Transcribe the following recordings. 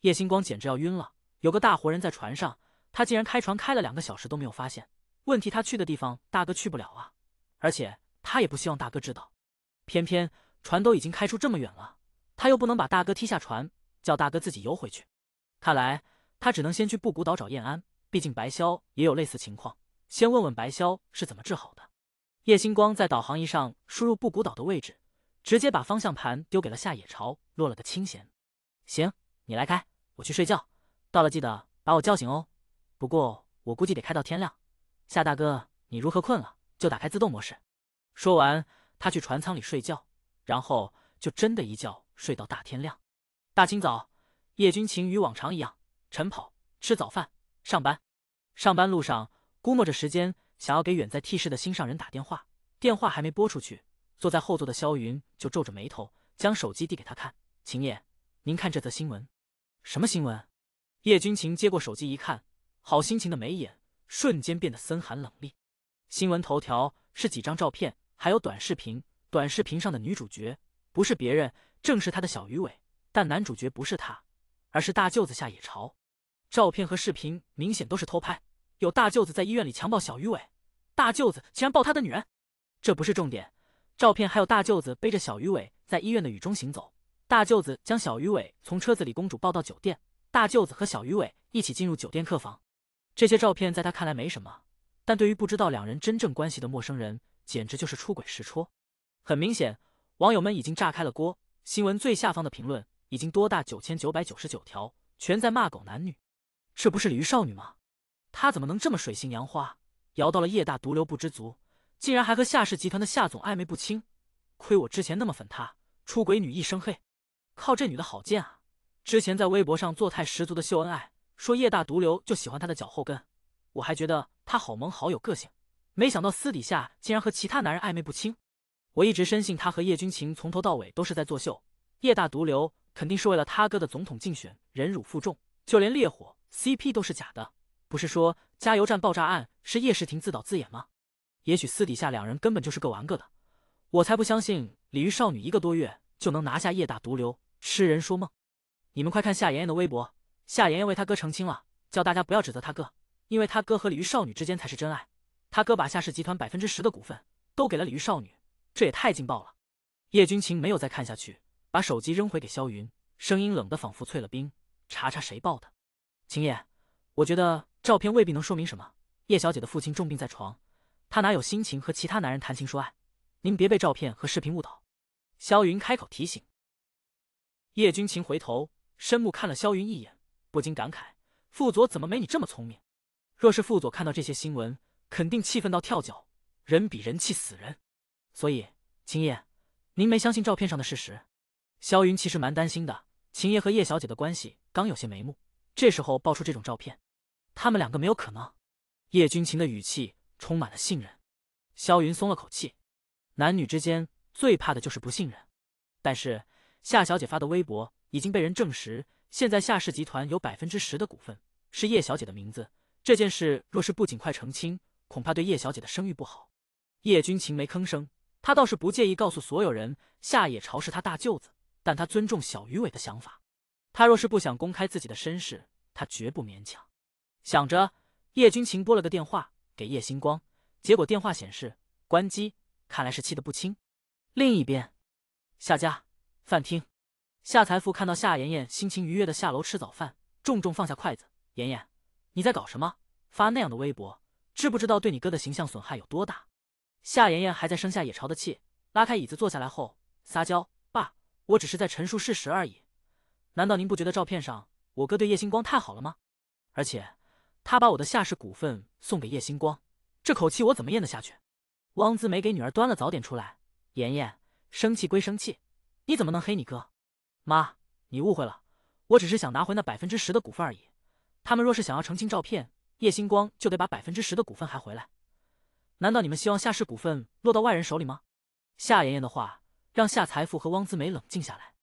葉星光簡直要暈了，有個大活人在船上，他竟然開船開了兩個小時都沒有發現問題。他去的地方大哥去不了啊，而且他也不希望大哥知道。偏偏船都已經開出這麼遠了，他又不能把大哥踢下船，叫大哥自己游回去。看來他只能先去布谷島找燕安，畢竟白瀟也有類似情況，先問問白瀟是怎麼治好的。葉星光在導航儀上輸入布谷島的位置，直接把方向盤丟給了夏野潮，落了個清閒。行。你來開，我去睡覺。到了記得把我叫醒哦。不過我估計得開到天亮。夏大哥，你如何困了就打開自動模式。說完，他去船艙裡睡覺，然後就真的一覺睡到大天亮。大清早，葉君晴與往常一樣晨跑、吃早飯、上班。上班路上，估摸着時間，想要給遠在 T 市的心上人打電話，電話還沒撥出去，坐在後座的蕭雲就皺着眉頭，將手機遞給他看：“秦爺，您看這則新聞。”什麼新聞？葉君情接過手機一看，好心情的眉眼瞬間變得森寒冷厲。新聞頭條是幾張照片，還有短視頻。短視頻上的女主角不是別人，正是他的小魚尾，但男主角不是他，而是大舅子夏野潮。照片和視頻明顯都是偷拍，有大舅子在醫院裡強暴小魚尾，大舅子竟然抱他的女人，這不是重點。照片還有大舅子背着小魚尾在醫院的雨中行走。大舅子將小魚尾從車子裡公主抱到酒店，大舅子和小魚尾一起進入酒店客房。這些照片在他看來沒什麼，但對於不知道兩人真正關係的陌生人，簡直就是出軌實錘。很明顯，網友們已經炸開了鍋，新聞最下方的評論已經多達九千九百九十九條，全在罵狗男女。這不是鯉魚少女嗎？她怎麼能這麼水性楊花？搖到了夜大毒瘤不知足，竟然還和夏氏集團的夏總曖昧不清。虧我之前那麼粉她，出軌女一生黑。靠，這女的好賤啊！之前在微博上作態十足的秀恩愛，說葉大毒瘤就喜歡她的腳後跟，我還覺得她好萌好有個性，沒想到私底下竟然和其他男人曖昧不清。我一直深信她和葉君情從頭到尾都是在作秀，葉大毒瘤肯定是為了他哥的總統競選忍辱負重，就連烈火 CP 都是假的。不是說加油站爆炸案是葉世庭自導自演嗎？也許私底下兩人根本就是各玩各的，我才不相信鯉魚少女一個多月就能拿下葉大毒瘤。痴人說夢！你們快看夏妍妍的微博，夏妍妍為她哥澄清了，叫大家不要指責她哥，因為她哥和李玉少女之間才是真愛。她哥把夏氏集團百分之十的股份都給了李玉少女，這也太勁爆了！葉君晴沒有再看下去，把手機扔回給蕭雲，聲音冷得仿佛淬了冰：“查查誰爆的。”秦葉，我覺得照片未必能說明什麼。葉小姐的父親重病在床，她哪有心情和其他男人談情說愛？您別被照片和視頻誤導。”蕭雲開口提醒。葉君晴回頭，深目看了蕭雲一眼，不禁感慨：“傅佐怎麼沒你這麼聰明？若是傅佐看到這些新聞，肯定氣憤到跳腳。人比人氣死人。所以，秦爺，您沒相信照片上的事實？”蕭雲其實蠻擔心的，秦爺和葉小姐的關係剛有些眉目，這時候爆出這種照片，他們兩個沒有可能。葉君晴的語氣充滿了信任，蕭雲鬆了口氣。男女之間最怕的就是不信任，但是。夏小姐發的微博已經被人證實，現在夏氏集團有百分之十的股份，是葉小姐的名字。這件事若是不盡快澄清，恐怕對葉小姐的聲譽不好。葉君晴沒吭聲，他倒是不介意告訴所有人夏野朝是他大舅子，但他尊重小魚尾的想法。他若是不想公開自己的身世，他絕不勉強。想着，葉君晴撥了個電話給葉星光，結果電話顯示關機，看來是氣得不輕。另一邊，夏家。飯廳，夏財富看到夏妍妍心情愉悅的下樓吃早飯，重重放下筷子。妍妍，你在搞什麼？發那樣的微博，知不知道對你哥的形象損害有多大？夏妍妍還在生夏野朝的氣，拉開椅子坐下來後，撒嬌：“爸，我只是在陳述事實而已。難道您不覺得照片上我哥對葉星光太好了嗎？而且他把我的夏氏股份送給葉星光，這口氣我怎麼咽得下去？”汪姿梅給女兒端了早點出來，妍妍生氣歸生氣。你怎麼能黑你哥？媽，你誤會了，我只是想拿回那百分之十的股份而已。他們若是想要澄清照片，葉星光就得把百分之十的股份還回來。難道你們希望夏氏股份落到外人手裡嗎？夏妍妍的話讓夏財富和汪姿美冷靜下來。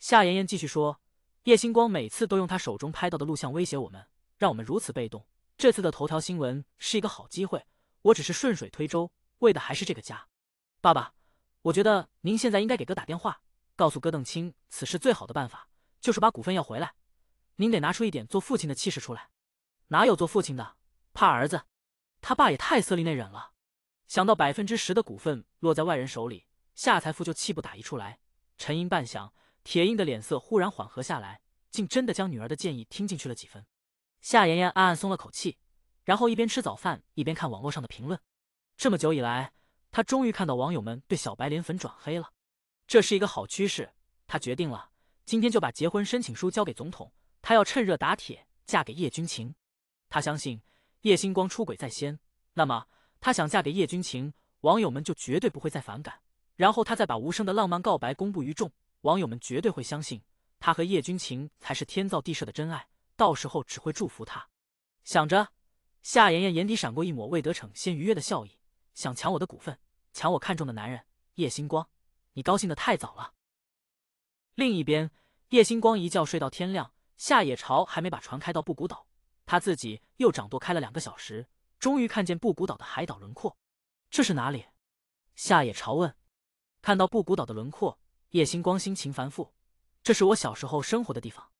夏妍妍繼續說：“葉星光每次都用他手中拍到的錄像威脅我們，讓我們如此被動。這次的頭條新聞是一個好機會，我只是順水推舟，為的還是這個家。爸爸，我覺得您現在應該給哥打電話。”告訴戈登清，此事最好的辦法就是把股份要回來。您得拿出一點做父親的氣勢出來。哪有做父親的怕兒子？他爸也太色厲內荏了。想到百分之十的股份落在外人手裡，夏財富就氣不打一處來。沉吟半晌，鐵英的臉色忽然緩和下來，竟真的將女兒的建議聽進去了幾分。夏妍妍暗暗鬆了口氣，然後一邊吃早飯，一邊看網絡上的評論。這麼久以來，她終於看到網友們對小白蓮粉轉黑了。這是一個好趨勢，她決定了，今天就把結婚申請書交給總統，她要趁熱打鐵嫁給葉君情。她相信葉星光出軌在先，那麼她想嫁給葉君情，網友們就絕對不會再反感。然後她再把無聲的浪漫告白公布於眾，網友們絕對會相信她和葉君情才是天造地設的真愛。到時候只會祝福她。想着，夏妍妍眼底閃過一抹未得逞先愉悅的笑意。想搶我的股份，搶我看中的男人葉星光？你高興得太早了。另一邊，葉星光一覺睡到天亮，夏野朝還沒把船開到布谷島，他自己又掌舵開了兩個小時，終於看見布谷島的海島輪廓。這是哪裡？夏野朝問。看到布谷島的輪廓，葉星光心情繁複。這是我小時候生活的地方。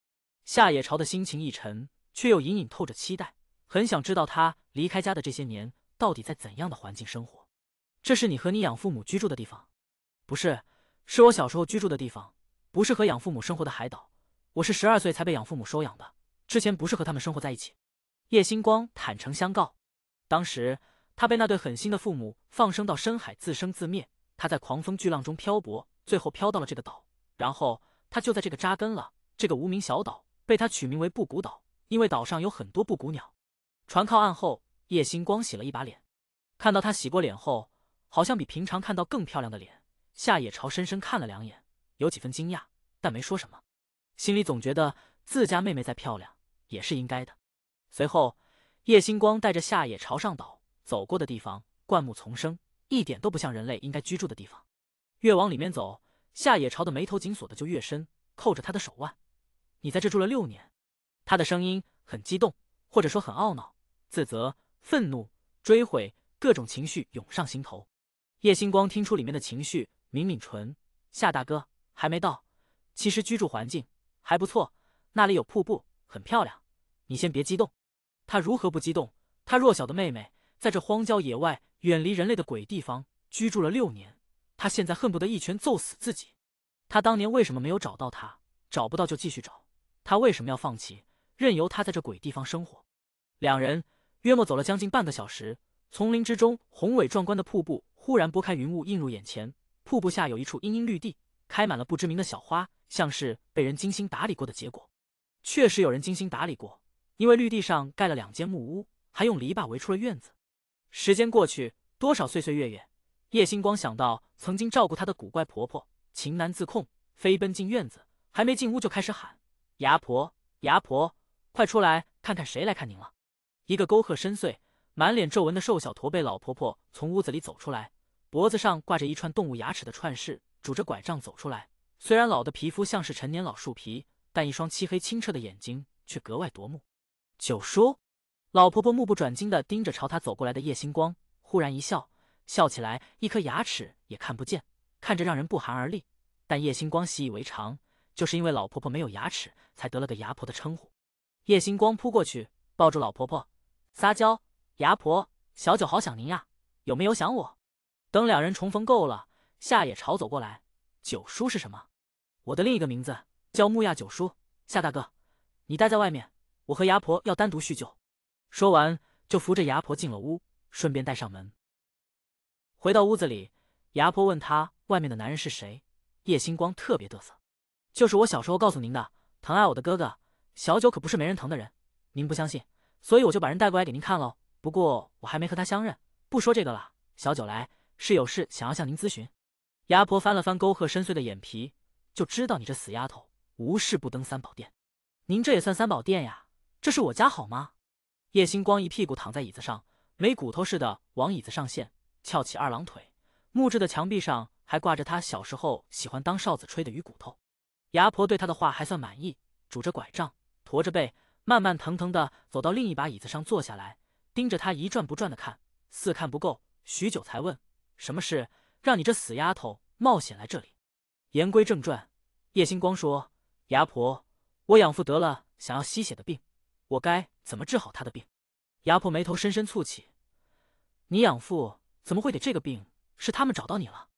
夏野朝的心情一沉，卻又隱隱透着期待，很想知道他離開家的這些年到底在怎樣的環境生活。這是你和你養父母居住的地方？不是，是我小時候居住的地方，不是和養父母生活的海島。我是十二歲才被養父母收養的，之前不是和他們生活在一起。葉星光坦誠相告，當時他被那對狠心的父母放生到深海自生自滅，他在狂風巨浪中漂泊，最後漂到了這個島，然後他就在這個扎根了。這個無名小島被他取名為布谷島，因為島上有很多布谷鳥。船靠岸後，葉星光洗了一把臉，看到他洗過臉後，好像比平常看到更漂亮的臉。夏野朝深深看了兩眼，有幾分驚訝，但沒說什麼，心裡總覺得自家妹妹再漂亮也是應該的。隨後，葉星光帶着夏野朝上島，走過的地方灌木叢生，一點都不像人類應該居住的地方。越往裡面走，夏野朝的眉頭緊鎖的就越深，釦着他的手腕：“你在這住了六年。”他的聲音很激動，或者說很懊惱、自責、憤怒、追悔，各種情緒湧上心頭。葉星光聽出裡面的情緒。抿抿唇，夏大哥還沒到。其實居住環境還不錯，那裡有瀑布，很漂亮。你先別激動。他如何不激動？他弱小的妹妹在這荒郊野外、遠離人類的鬼地方居住了六年，他現在恨不得一拳揍死自己。他當年為什麼沒有找到他？找不到就繼續找。他為什麼要放棄，任由他在這鬼地方生活？兩人約莫走了將近半個小時，叢林之中宏偉壯觀的瀑布忽然撥開雲霧，映入眼前。瀑布下有一處茵茵綠地，開滿了不知名的小花，像是被人精心打理過的結果。確實有人精心打理過，因為綠地上蓋了兩間木屋，還用籬笆圍出了院子。時間過去多少歲歲月月，葉星光想到曾經照顧他的古怪婆婆，情難自控，飛奔進院子，還沒進屋就開始喊：“牙婆，牙婆，快出來看看誰來看您了啊！”一個溝壑深邃、滿臉皺紋的瘦小駝背老婆婆從屋子裡走出來。脖子上掛着一串動物牙齒的串飾，拄着拐杖走出來。雖然老的皮膚像是陳年老樹皮，但一雙漆黑清澈的眼睛卻格外奪目。九叔，老婆婆目不轉睛地盯着朝她走過來的葉星光，忽然一笑，笑起來一顆牙齒也看不見，看着讓人不寒而慄。但葉星光習以為常，就是因為老婆婆沒有牙齒，才得了個牙婆的稱呼。葉星光撲過去抱住老婆婆，撒嬌：“牙婆，小九好想您呀、啊，有沒有想我？”等兩人重逢夠了，夏野朝走過來。九叔是什麼？我的另一個名字叫木亞九叔。夏大哥，你待在外面，我和牙婆要單獨敘舊。說完就扶着牙婆進了屋，順便帶上門。回到屋子裡，牙婆問他外面的男人是誰。葉星光特別嘚瑟，就是我小時候告訴您的疼愛我的哥哥小九，可不是沒人疼的人。您不相信，所以我就把人帶過來給您看嘍。不過我還沒和他相認，不說這個了。小九來。是有事想要向您諮詢？牙婆翻了翻溝壑深邃的眼皮，就知道你這死丫頭無事不登三寶殿。您這也算三寶殿呀？這是我家好嗎？葉星光一屁股躺在椅子上，沒骨頭似的往椅子上陷，翹起二郎腿。木質的牆壁上還掛着他小時候喜歡當哨子吹的魚骨頭。牙婆對他的話還算滿意，拄着拐杖，駝着背，慢慢騰騰的走到另一把椅子上坐下來，盯着他一轉不轉的看，似看不夠，許久才問。什麼事？讓你這死丫頭冒險來這裡。言歸正傳，葉星光說：“牙婆，我養父得了想要吸血的病，我該怎麼治好他的病？”牙婆眉頭深深蹙起：“你養父怎麼會得這個病？是他們找到你了？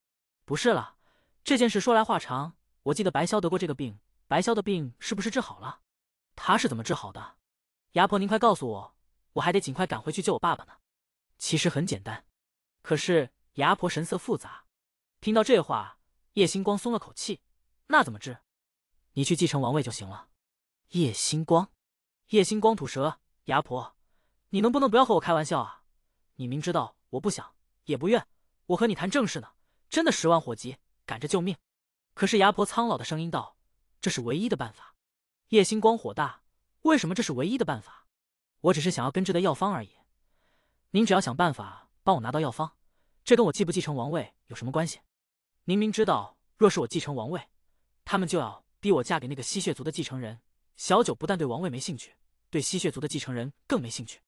不是了，這件事說來話長。我記得白瀟得過這個病，白瀟的病是不是治好了？他是怎麼治好的？牙婆，您快告訴我，我還得盡快趕回去救我爸爸呢。其實很簡單，可是……”牙婆神色複雜，聽到這話，葉星光鬆了口氣。那怎麼治？你去繼承王位就行了。葉星光，葉星光吐舌，牙婆，你能不能不要和我開玩笑啊？你明知道我不想，也不願，我和你談正事呢，真的十萬火急，趕着救命。可是牙婆蒼老的聲音道：“這是唯一的辦法。”葉星光火大，為什麼這是唯一的辦法？我只是想要根治的藥方而已，您只要想辦法幫我拿到藥方。這跟我繼不繼承王位有什麼關係？明明知道，若是我繼承王位，他們就要逼我嫁給那個吸血族的繼承人。小九不但對王位沒興趣，對吸血族的繼承人更沒興趣。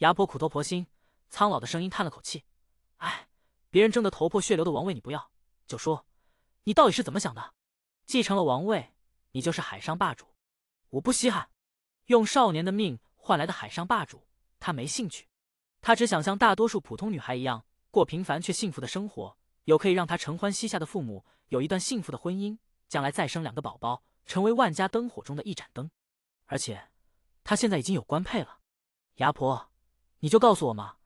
牙婆苦頭婆心，蒼老的聲音嘆了口氣：“哎，別人爭得頭破血流的王位你不要，九叔，你到底是怎麼想的？繼承了王位，你就是海上霸主。我不稀罕。用少年的命換來的海上霸主，他沒興趣，他只想像大多數普通女孩一樣。”過平凡卻幸福的生活，有可以讓他承歡膝下的父母，有一段幸福的婚姻，將來再生兩個寶寶，成為萬家燈火中的一盞燈。而且，他現在已經有官配了。牙婆，你就告訴我嘛，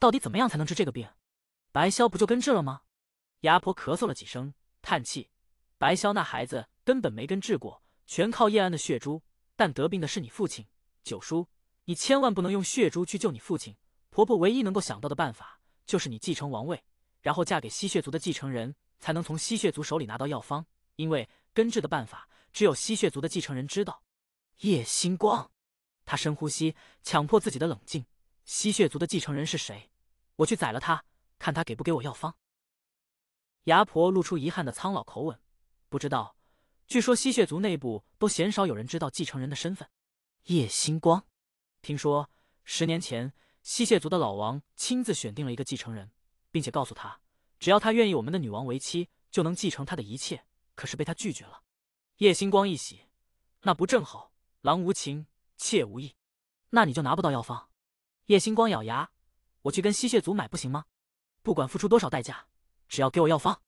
到底怎麼樣才能治這個病？白蕭不就根治了嗎？牙婆咳嗽了幾聲，嘆氣。白蕭那孩子根本沒根治過，全靠葉安的血珠。但得病的是你父親，九叔，你千萬不能用血珠去救你父親。婆婆唯一能夠想到的辦法。就是你繼承王位，然後嫁給吸血族的繼承人，才能從吸血族手裡拿到藥方。因為根治的辦法，只有吸血族的繼承人知道。葉星光，他深呼吸，強迫自己的冷靜。吸血族的繼承人是誰？我去宰了他，看他給不給我藥方。牙婆露出遺憾的蒼老口吻，不知道。據說吸血族內部都鮮少有人知道繼承人的身份。葉星光，聽說十年前，吸血族的老王親自選定了一個繼承人，並且告訴他，只要他願意我們的女王為妻，就能繼承他的一切。可是被他拒絕了。葉星光一喜，那不正好？郎無情，妾無義，那你就拿不到藥方。葉星光咬牙，我去跟吸血族買不行嗎？不管付出多少代價，只要給我藥方。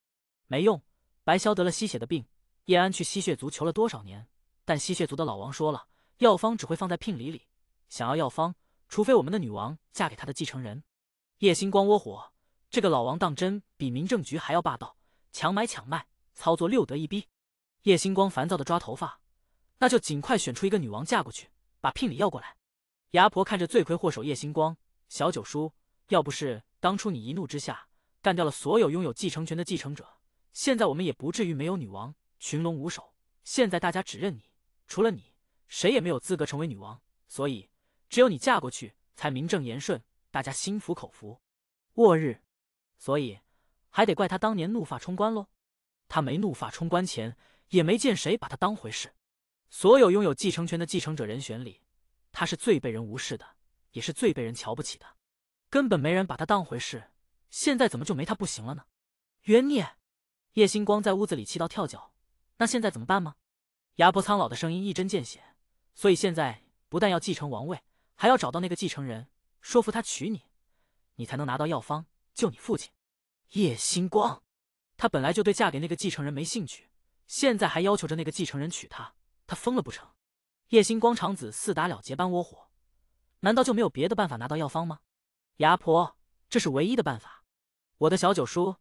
沒用，白蕭得了吸血的病。葉安去吸血族求了多少年，但吸血族的老王說了，藥方只會放在聘禮裡。想要藥方？除非我們的女王嫁給他的繼承人，葉星光窩火，這個老王當真比民政局還要霸道，強買強賣，操作溜得一逼。葉星光煩躁的抓頭髮，那就盡快選出一個女王嫁過去，把聘禮要過來。牙婆看着罪魁禍首葉星光，小九叔，要不是當初你一怒之下幹掉了所有擁有繼承權的繼承者，現在我們也不至於沒有女王，群龍無首。現在大家只認你，除了你，誰也沒有資格成為女王，所以。只有你嫁過去才名正言順，大家心服口服。我日！所以還得怪他當年怒髮衝冠嘍。他沒怒髮衝冠前，也沒見誰把他當回事。所有擁有繼承權的繼承者人選裡，他是最被人無視的，也是最被人瞧不起的。根本沒人把他當回事。現在怎麼就沒他不行了呢？冤孽！葉星光在屋子裡氣到跳腳。那現在怎麼辦嗎？牙婆蒼老的聲音一針見血。所以現在不但要繼承王位。還要找到那個繼承人，說服他娶你，你才能拿到藥方救你父親。葉星光，他本來就對嫁給那個繼承人沒興趣，現在還要求着那個繼承人娶她，他瘋了不成？葉星光腸子似打了結般窩火，難道就沒有別的辦法拿到藥方嗎？牙婆，這是唯一的辦法。我的小九叔，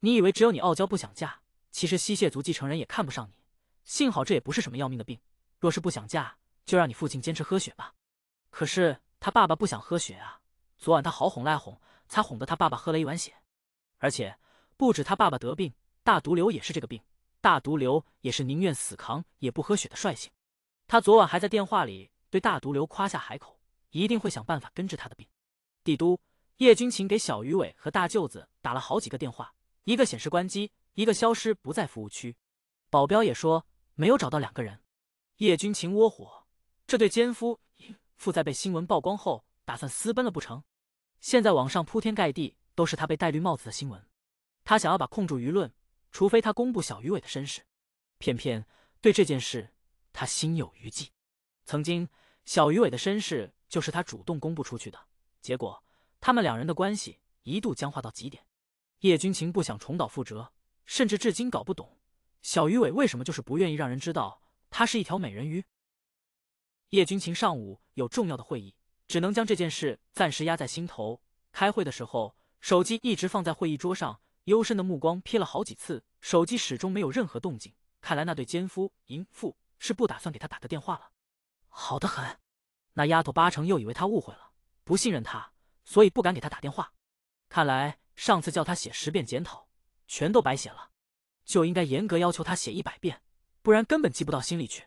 你以為只有你傲嬌不想嫁？其實吸血族繼承人也看不上你。幸好這也不是什麼要命的病，若是不想嫁，就讓你父親堅持喝血吧。可是他爸爸不想喝血啊！昨晚他好哄賴哄，才哄得他爸爸喝了一碗血。而且不止他爸爸得病，大毒瘤也是這個病。大毒瘤也是寧願死扛，也不喝血的率性。他昨晚還在電話裡對大毒瘤誇下海口，一定會想辦法根治他的病。帝都，葉君情給小魚尾和大舅子打了好幾個電話，一個顯示關機，一個消失不在服務區。保鏢也說沒有找到兩個人。葉君情窩火，這對奸夫。傅在被新聞曝光後，打算私奔了不成？現在網上鋪天蓋地都是他被戴綠帽子的新聞，他想要把控住輿論，除非他公佈小魚尾的身世。偏偏對這件事，他心有餘悸。曾經小魚尾的身世就是他主動公佈出去的，結果他們兩人的關係一度僵化到極點。葉君晴不想重蹈覆轍，甚至至，至今搞不懂小魚尾為什麼就是不願意讓人知道他是一條美人魚。葉君晴上午。有重要的會議，只能將這件事暫時壓在心頭。開會的時候，手機一直放在會議桌上，幽深的目光瞥了好幾次，手機始終沒有任何動靜。看來那對奸夫淫婦是不打算給他打個電話了。好得很，那丫頭八成又以為他誤會了，不信任他，所以不敢給他打電話。看來上次叫他寫十遍檢討，全都白寫了，就應該嚴格要求他寫一百遍，不然根本記不到心裡去。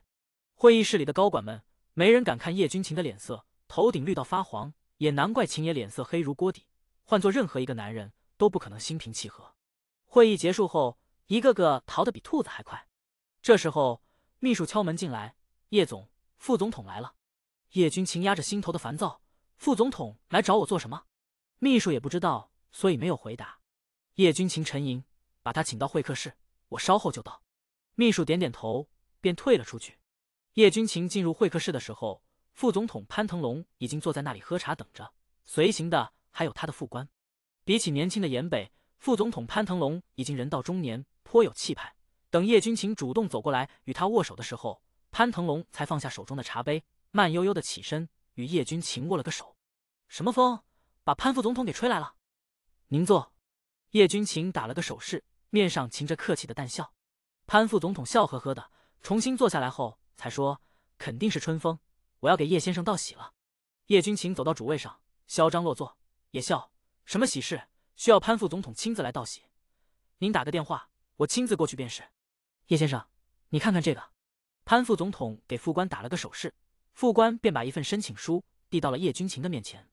會議室裡的高管們。沒人敢看葉君情的臉色，頭頂綠到發黃，也難怪秦野臉色黑如鍋底。換做任何一個男人，都不可能心平氣和。會議結束後，一個個逃得比兔子還快。這時候，秘書敲門進來：“葉總，副總統來了。”葉君情壓着心頭的煩躁：“副總統來找我做什麼？”秘書也不知道，所以沒有回答。葉君情沉吟，把他請到會客室：“我稍後就到。”秘書點點頭，便退了出去。葉軍情進入會客室的時候，副總統潘騰龍已經坐在那裡喝茶等着，隨行的還有他的副官。比起年輕的嚴北，副總統潘騰龍已經人到中年，頗有氣派。等葉軍情主動走過來與他握手的時候，潘騰龍才放下手中的茶杯，慢悠悠的起身與葉軍情握了個手。什麼風把潘副總統給吹來了？您坐。葉軍情打了個手勢，面上噙着客氣的淡笑。潘副總統笑呵呵的重新坐下來後，才說肯定是春風，我要給葉先生道喜了。葉君情走到主位上，囂張落座，也笑。什麼喜事需要潘副總統親自來道喜？您打個電話，我親自過去便是。葉先生，你看看這個。潘副總統給副官打了個手勢，副官便把一份申請書遞到了葉君情的面前。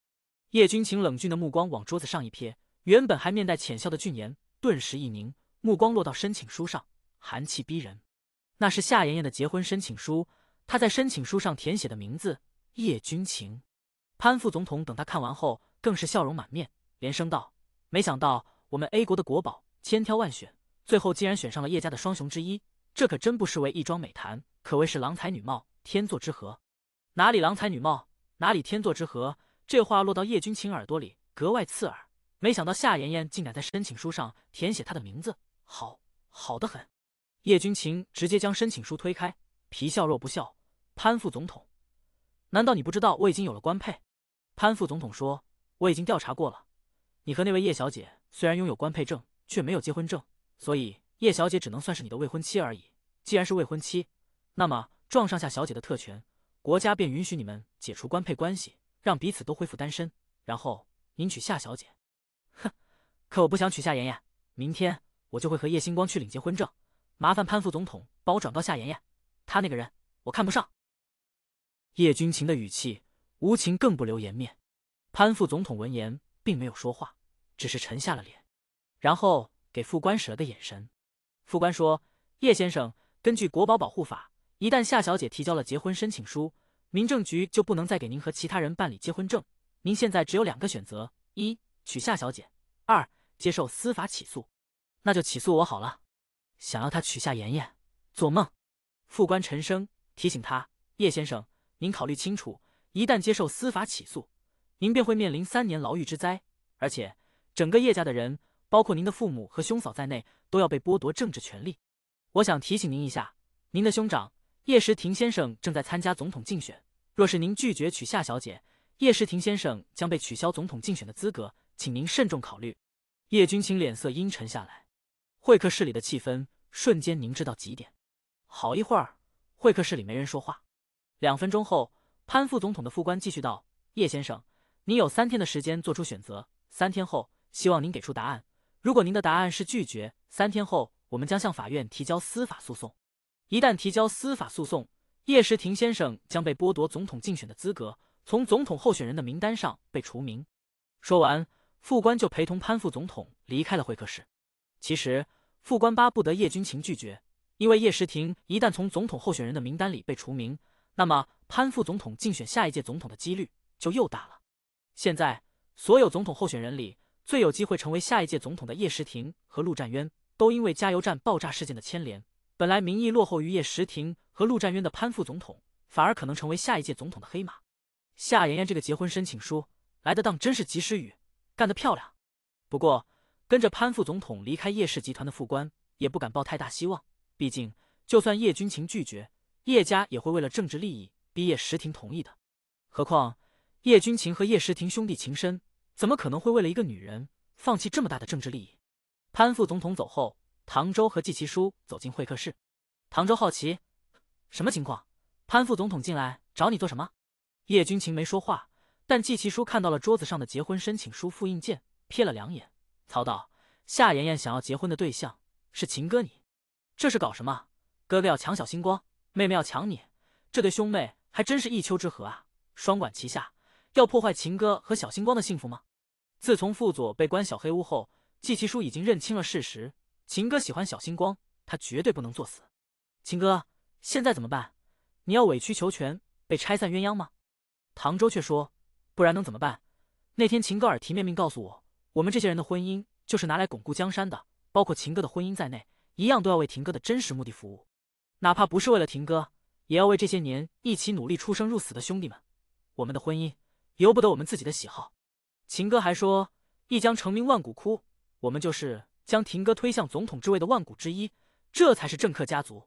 葉君情冷峻的目光往桌子上一瞥，原本還面帶淺笑的俊顏頓時一凝，目光落到申請書上，寒氣逼人。那是夏妍妍的結婚申請書，她在申請書上填寫的名字葉君晴。潘副總統等他看完後，更是笑容滿面，連聲道：“沒想到我們 A 國的國寶千挑萬選，最後竟然選上了葉家的雙雄之一，這可真不失為一樁美談，可謂是郎才女貌、天作之合。”哪裡郎才女貌，哪裡天作之合！這話落到葉君晴耳朵裡，格外刺耳。沒想到夏妍妍竟敢在申請書上填寫他的名字，好好得很。葉君情直接將申請書推開，皮笑肉不笑。潘副總統，難道你不知道我已經有了官配？潘副總統說：“我已經調查過了，你和那位葉小姐雖然擁有官配證，卻沒有結婚證，所以葉小姐只能算是你的未婚妻而已。既然是未婚妻，那麼撞上夏小姐的特權，國家便允許你們解除官配關係，讓彼此都恢復單身，然後迎娶夏小姐。”哼，可我不想娶夏妍妍。明天我就會和葉星光去領結婚證。麻煩潘副總統幫我轉告夏妍妍，她那個人我看不上。葉君情的語氣無情，更不留顏面。潘副總統聞言，並沒有說話，只是沉下了臉，然後給副官使了個眼神。副官說：“葉先生，根據國寶保，保護法，一旦夏小姐提交了結婚申請書，民政局就不能再給您和其他人辦理結婚證。您現在只有兩個選擇：一娶夏小姐，二接受司法起訴。那就起訴我好了。”想要他娶夏妍妍，做夢！副官陳升提醒他：“葉先生，您考慮清楚，一旦接受司法起訴，您便會面臨三年牢獄之災，而且整個葉家的人，包括您的父母和兄嫂在內，都要被剝奪政治權利。我想提醒您一下，您的兄長葉時庭先生正在參加總統競選，若是您拒絕娶夏小姐，葉時庭先生將被取消總統競選的資格，請您慎重考慮。”葉君清臉色陰沉下來。會客室裡的氣氛瞬間凝滯到極點，好一會兒，會客室裡沒人說話。兩分鐘後，潘副總統的副官繼續道：“葉先生，您有三天的時間做出選擇。三天後，希望您給出答案。如果您的答案是拒絕，三天後我們將向法院提交司法訴訟。一旦提交司法訴訟，葉時廷先生將被剝奪總統競選的資格，從總統候選人的名單上被除名。”說完，副官就陪同潘副總統離開了會客室。其實，副官巴不得葉君情拒絕，因為葉時庭一旦從總統候選人的名單裡被除名，那麼潘副總統競選下一屆總統的幾率就又大了。現在，所有總統候選人裡最有機會成為下一屆總統的葉時庭和陸戰淵，都因為加油站爆炸事件的牽連，本來民意落後於葉時庭和陸戰淵的潘副總統，反而可能成為下一屆總統的黑馬。夏妍妍這個結婚申請書來得當真是及時雨，幹得漂亮。不過。跟着潘副總統離開葉氏集團的副官也不敢抱太大希望，畢竟就算葉軍情拒絕，葉家也會為了政治利益逼葉時婷同意的。何況葉軍情和葉時婷兄弟情深，怎麼可能會為了一個女人放棄這麼大的政治利益？潘副總統走後，唐周和季奇書走進會客室。唐周好奇，什麼情況？潘副總統進來找你做什麼？葉軍情沒說話，但季奇書看到了桌子上的結婚申請書複印件，瞥了兩眼。曹導，夏妍妍想要結婚的對象是秦哥你，這是搞什麼？哥哥要搶小星光，妹妹要搶你，這對兄妹還真是一丘之貉啊！雙管齊下，要破壞秦哥和小星光的幸福嗎？自從副佐被關小黑屋後，季其叔已經認清了事實，秦哥喜歡小星光，他絕對不能作死。秦哥現在怎麼辦？你要委曲求全，被拆散鴛鴦嗎？唐周卻說，不然能怎麼辦？那天秦哥耳提面命告訴我。我們這些人的婚姻就是拿來鞏固江山的，包括秦哥的婚姻在內，一樣都要為廷哥的真實目的服務，哪怕不是為了廷哥，也要為這些年一起努力出生入死的兄弟們。我們的婚姻由不得我們自己的喜好。秦哥還說：“一將成名萬骨枯，我們就是將廷哥推向總統之位的萬古之一，這才是政客家族。”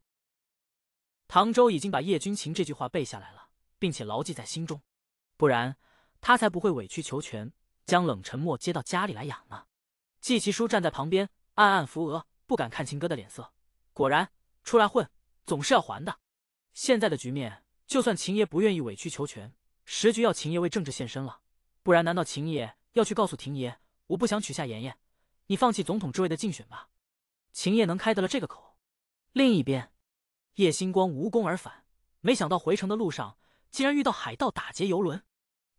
唐周已經把葉君情這句話背下來了，並且牢記在心中，不然他才不會委曲求全。將冷沉默接到家裡來養了。季其書站在旁邊，暗暗扶額，不敢看秦哥的臉色。果然，出來混總是要還的。現在的局面，就算秦爺不願意委曲求全，時局要秦爺為政治獻身了。不然，難道秦爺要去告訴廷爺，我不想娶夏妍妍，你放棄總統之位的競選吧？秦爺能開得了這個口？另一邊，葉星光無功而返，沒想到回城的路上竟然遇到海盜打劫遊輪。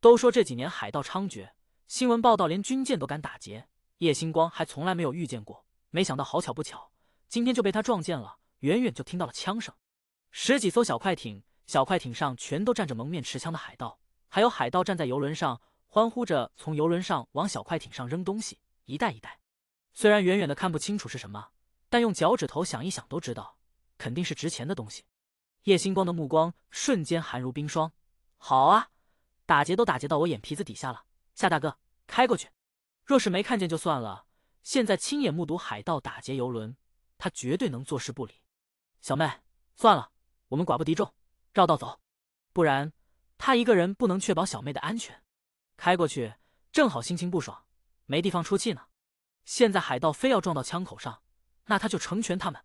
都說這幾年海盜猖獗。新聞報道，連軍艦都敢打劫，葉星光還從來沒有遇見過。沒想到，好巧不巧，今天就被他撞見了。遠遠就聽到了槍聲，十幾艘小快艇，小快艇上全都站着蒙面持槍的海盜，還有海盜站在遊輪上，歡呼着從遊輪上往小快艇上扔東西，一袋一袋。雖然遠遠的看不清楚是什麼，但用腳趾頭想一想都知道，肯定是值錢的東西。葉星光的目光瞬間寒如冰霜。好啊，打劫都打劫到我眼皮子底下了。夏大哥，開過去。若是沒看見就算了，現在親眼目睹海盜打劫遊輪，他絕對能坐視不理。小妹，算了，我們寡不敵眾，繞道走。不然，他一個人不能確保小妹的安全。開過去，正好心情不爽，沒地方出氣呢。現在海盜非要撞到槍口上，那他就成全他們。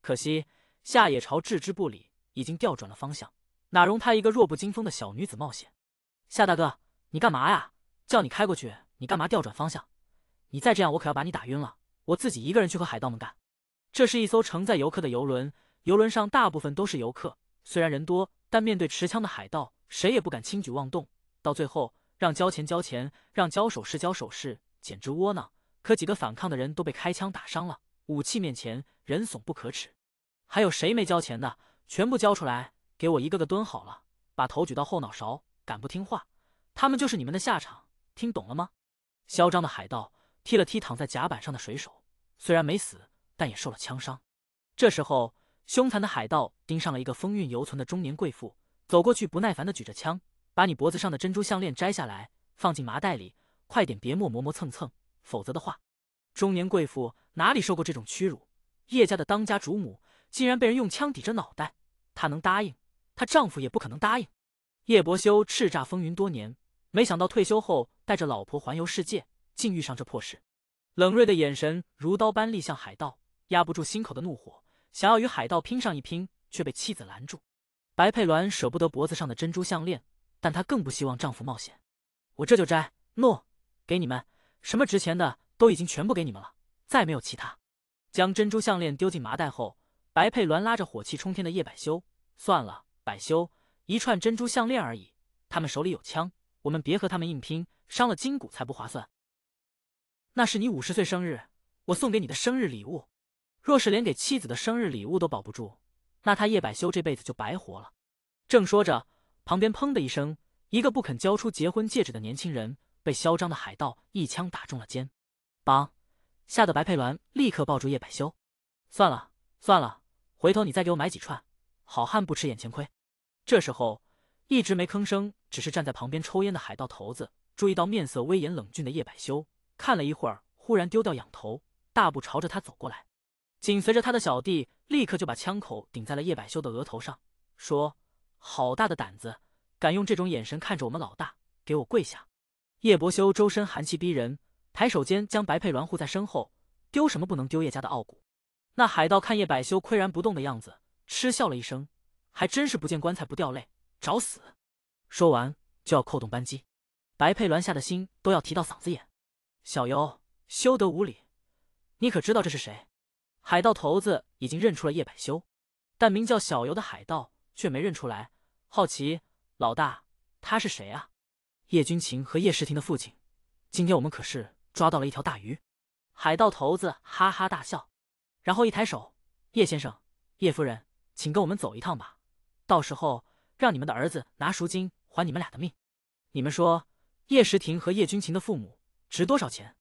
可惜，夏野朝置之不理，已經調轉了方向，哪容他一個弱不禁風的小女子冒險？夏大哥，你幹嘛呀？叫你開過去，你幹嘛調轉方向？你再這樣，我可要把你打暈了。我自己一個人去和海盜們幹。這是一艘承載遊客的遊輪，遊輪上大部分都是遊客。雖然人多，但面對持槍的海盜，誰也不敢輕舉妄動。到最後，讓交錢交錢，讓交首飾交首飾，簡直窩囊。可幾個反抗的人都被開槍打傷了。武器面前，人慫不可恥。還有誰沒交錢的？全部交出來，給我一個個蹲好了，把頭舉到後腦勺。敢不聽話，他們就是你們的下場。聽懂了嗎？囂張的海盜踢了踢躺在甲板上的水手，雖然沒死，但也受了槍傷。這時候，凶殘的海盜盯上了一個風韻猶存的中年貴婦，走過去不耐煩的舉着槍，把你脖子上的珍珠項鏈摘下來，放進麻袋裡，快點，別磨磨磨磨蹭蹭，否則的話……中年貴婦哪裡受過這種屈辱？葉家的當家主母竟然被人用槍抵着腦袋，她能答應？她丈夫也不可能答應。葉伯修叱咤風雲多年。沒想到退休後帶着老婆環遊世界，竟遇上這破事。冷銳的眼神如刀般立向海盜，壓不住心口的怒火，想要與海盜拼上一拼，卻被妻子攔住。白佩鸞舍不得脖子上的珍珠項鏈，但她更不希望丈夫冒險。我這就摘，諾，給你們，什麼值錢的都已經全部給你們了，再沒有其他。將珍珠項鏈丟進麻袋後，白佩鸞拉着火氣衝天的葉百修，算了，百修，一串珍珠項鏈而已，他們手裡有槍。我們別和他們硬拼，傷了筋骨才不划算。那是你五十歲生日，我送給你的生日禮物。若是連給妻子的生日禮物都保不住，那他葉百修這輩子就白活了。正說着，旁邊砰的一聲，一個不肯交出結婚戒指的年輕人被囂張的海盜一槍打中了肩，梆！嚇得白佩蘭立刻抱住葉百修。算了，算了，回頭你再給我買幾串，好漢不吃眼前虧。這時候，一直沒吭聲，只是站在旁邊抽煙的海盜頭子注意到面色威嚴冷峻的葉百修，看了一會兒，忽然丟掉仰頭，大步朝着他走過來，緊隨着他的小弟立刻就把槍口頂在了葉百修的額頭上，說：“好大的膽子，敢用這種眼神看着我們老大，給我跪下！”葉百修周身寒氣逼人，抬手間將白佩鸞護在身後，丟什麼不能丟葉家的傲骨？那海盜看葉百修巋然不動的樣子，嗤笑了一聲：“還真是不見棺材不掉淚。”找死！說完就要扣動扳機，白佩蘭嚇得心都要提到嗓子眼。小尤，休得無禮！你可知道這是誰？海盜頭子已經認出了葉百修，但名叫小尤的海盜却沒認出來。好奇，老大，他是誰啊？葉君情和葉詩婷的父親。今天我們可是抓到了一條大魚。海盜頭子哈哈大笑，然後一抬手：“葉先生，葉夫人，請跟我們走一趟吧。到時候。”讓你們的兒子拿贖金還你們倆的命，你們說葉時庭和葉君情的父母值多少錢？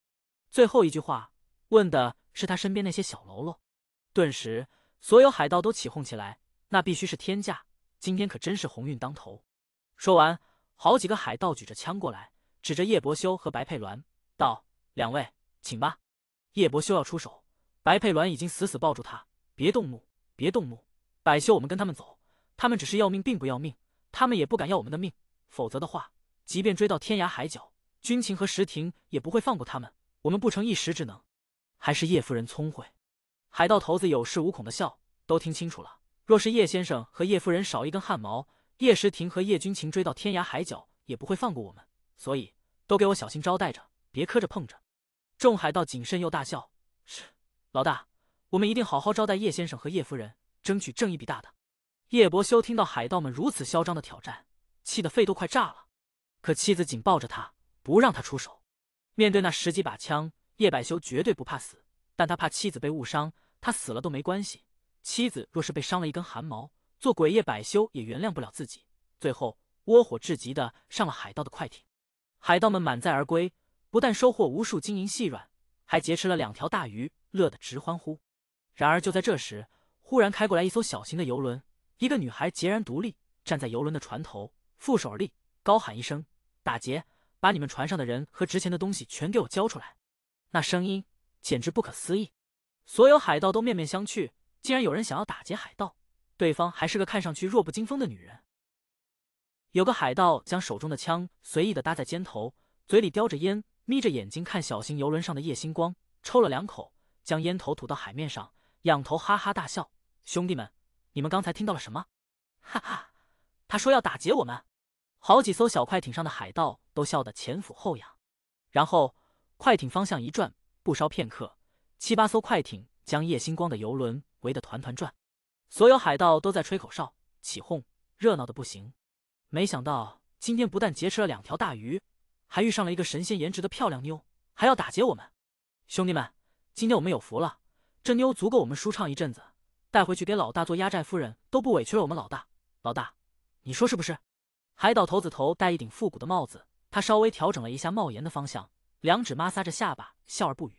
最後一句話問的是他身邊那些小嘍囉。頓時，所有海盜都起鬨起來，那必須是天價！今天可真是鴻運當頭。說完，好幾個海盜舉着槍過來，指着葉伯修和白佩鸞道：“兩位，請吧。”葉伯修要出手，白佩鸞已經死死抱住他：“別動怒，別動怒，伯修，我們跟他們走。”他們只是要命，並不要命；他們也不敢要我們的命，否則的話，即便追到天涯海角，君情和石庭也不會放過他們。我們不逞一時之能，還是葉夫人聰慧。海盜頭子有恃無恐地笑：“都聽清楚了，若是葉先生和葉夫人少一根汗毛，葉石庭和葉君情追到天涯海角也不會放過我們。所以，都給我小心招待着，別磕着碰着。”眾海盜謹慎又大笑：“是，老大，我們一定好好招待葉先生和葉夫人，爭取掙一筆大的。”葉伯修聽到海盜們如此囂張的挑戰，氣得肺都快炸了。可妻子緊抱着他，不讓他出手。面對那十幾把槍，葉柏修絕對不怕死，但他怕妻子被誤傷。他死了都沒關係，妻子若是被傷了一根汗毛，做鬼葉柏修也原諒不了自己。最後窩火至極的上了海盜的快艇。海盜們滿載而歸，不但收穫無數金銀細軟，還劫持了兩條大魚，樂得直歡呼。然而就在這時，忽然開過來一艘小型的遊輪。一個女孩孑然獨立，站在遊輪的船頭，負手而立，高喊一聲：“打劫！把你們船上的人和值錢的東西全給我交出來！”那聲音簡直不可思議。所有海盜都面面相覷，竟然有人想要打劫海盜，對方還是個看上去弱不禁風的女人。有個海盜將手中的槍隨意的搭在肩頭，嘴裡叼着菸，眯着眼睛看小型遊輪上的夜星光，抽了兩口，將菸頭吐到海面上，仰頭哈哈大笑：“兄弟們！”你們剛才聽到了什麼？哈哈，他說要打劫我們。好幾艘小快艇上的海盜都笑得前俯後仰。然後快艇方向一轉，不消片刻，七八艘快艇將夜星光的遊輪圍得團團轉。所有海盜都在吹口哨、起哄，熱鬧得不行。沒想到今天不但劫持了兩條大魚，還遇上了一個神仙顏值的漂亮妞，還要打劫我們。兄弟們，今天我們有福了，這妞足夠我們舒暢一陣子。帶回去給老大做壓寨夫人，都不委屈了我們老大。老大，你說是不是？海盜頭子頭戴一頂復古的帽子，他稍微調整了一下帽檐的方向，兩指摩挲着下巴，笑而不語。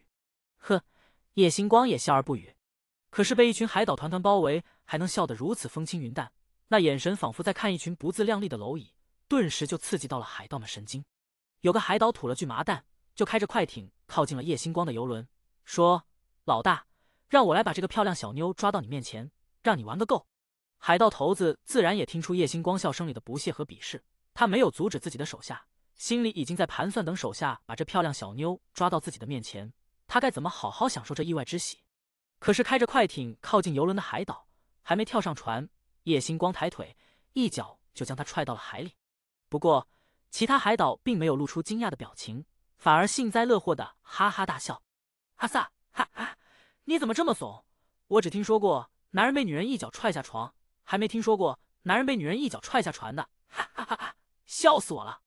呵，葉星光也笑而不語。可是被一群海盜團團包圍，還能笑得如此風輕雲淡，那眼神仿佛在看一群不自量力的螻蟻，頓時就刺激到了海盜們神經。有個海盜吐了句麻蛋，就開着快艇靠近了葉星光的遊輪，說：“老大。”讓我來把這個漂亮小妞抓到你面前，讓你玩個夠。海盜頭子自然也聽出葉星光笑聲裡的不屑和鄙視，他沒有阻止自己的手下，心裡已經在盤算，等手下把這漂亮小妞抓到自己的面前，他該怎麼好好享受這意外之喜。可是開着快艇靠近遊輪的海盜，還沒跳上船，葉星光抬腿一腳就將他踹到了海裡。不過其他海盜並沒有露出驚訝的表情，反而幸災樂禍的哈哈大笑：“哈薩，哈哈。”你怎麼這麼慫？我只聽說過男人被女人一腳踹下床，還沒聽說過男人被女人一腳踹下船的，哈哈哈哈！笑死我了！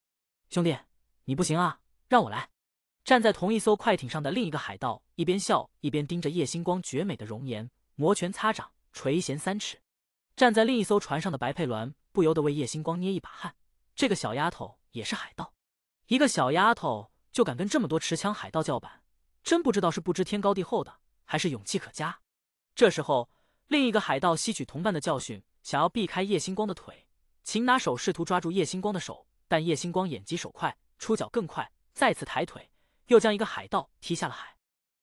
兄弟，你不行啊，讓我來！站在同一艘快艇上的另一個海盜一邊笑一邊盯着葉星光絕美的容顏，摩拳擦掌，垂涎三尺。站在另一艘船上的白佩鸞不由得為葉星光捏一把汗，這個小丫頭也是海盜，一個小丫頭就敢跟這麼多持槍海盜叫板，真不知道是不知天高地厚的。還是勇氣可嘉。這時候，另一個海盜吸取同伴的教訓，想要避開葉星光的腿，擒拿手試圖抓住葉星光的手，但葉星光眼疾手快，出腳更快，再次抬腿，又將一個海盜踢下了海。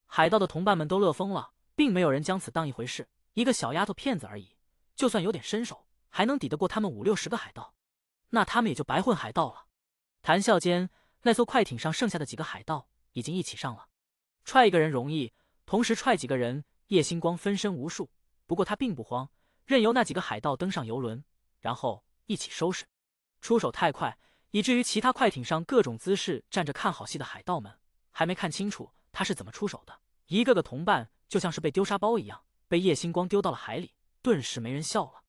海盜的同伴們都樂瘋了，並沒有人將此當一回事。一個小丫頭片子而已，就算有點身手，還能抵得過他們五六十個海盜？那他們也就白混海盜了。談笑間，那艘快艇上剩下的幾個海盜已經一起上了。踹一個人容易。同時踹幾個人，葉星光分身無數。不過他並不慌，任由那幾個海盜登上遊輪，然後一起收拾。出手太快，以至於其他快艇上各種姿勢站着看好戲的海盜們還沒看清楚他是怎麼出手的，一個個同伴就像是被丟沙包一樣，被葉星光丟到了海裡。頓時沒人笑了。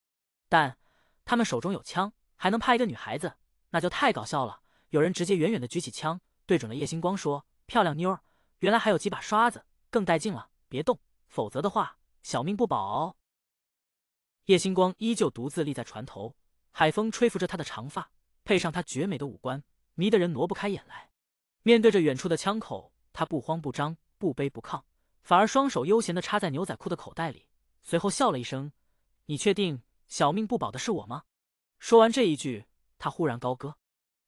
但他們手中有槍，還能怕一個女孩子，那就太搞笑了。有人直接遠遠的舉起槍，對準了葉星光，說：“漂亮妞兒，原來還有幾把刷子。”更帶勁了，別動，否則的話，小命不保哦。葉星光依舊獨自立在船頭，海風吹拂着他的長髮，配上他絕美的五官，迷得人挪不開眼來。面對着遠處的槍口，他不慌不張，不卑不亢，反而雙手悠閒地插在牛仔褲的口袋裡，隨後笑了一聲：“你確定小命不保的是我嗎？”說完這一句，他忽然高歌，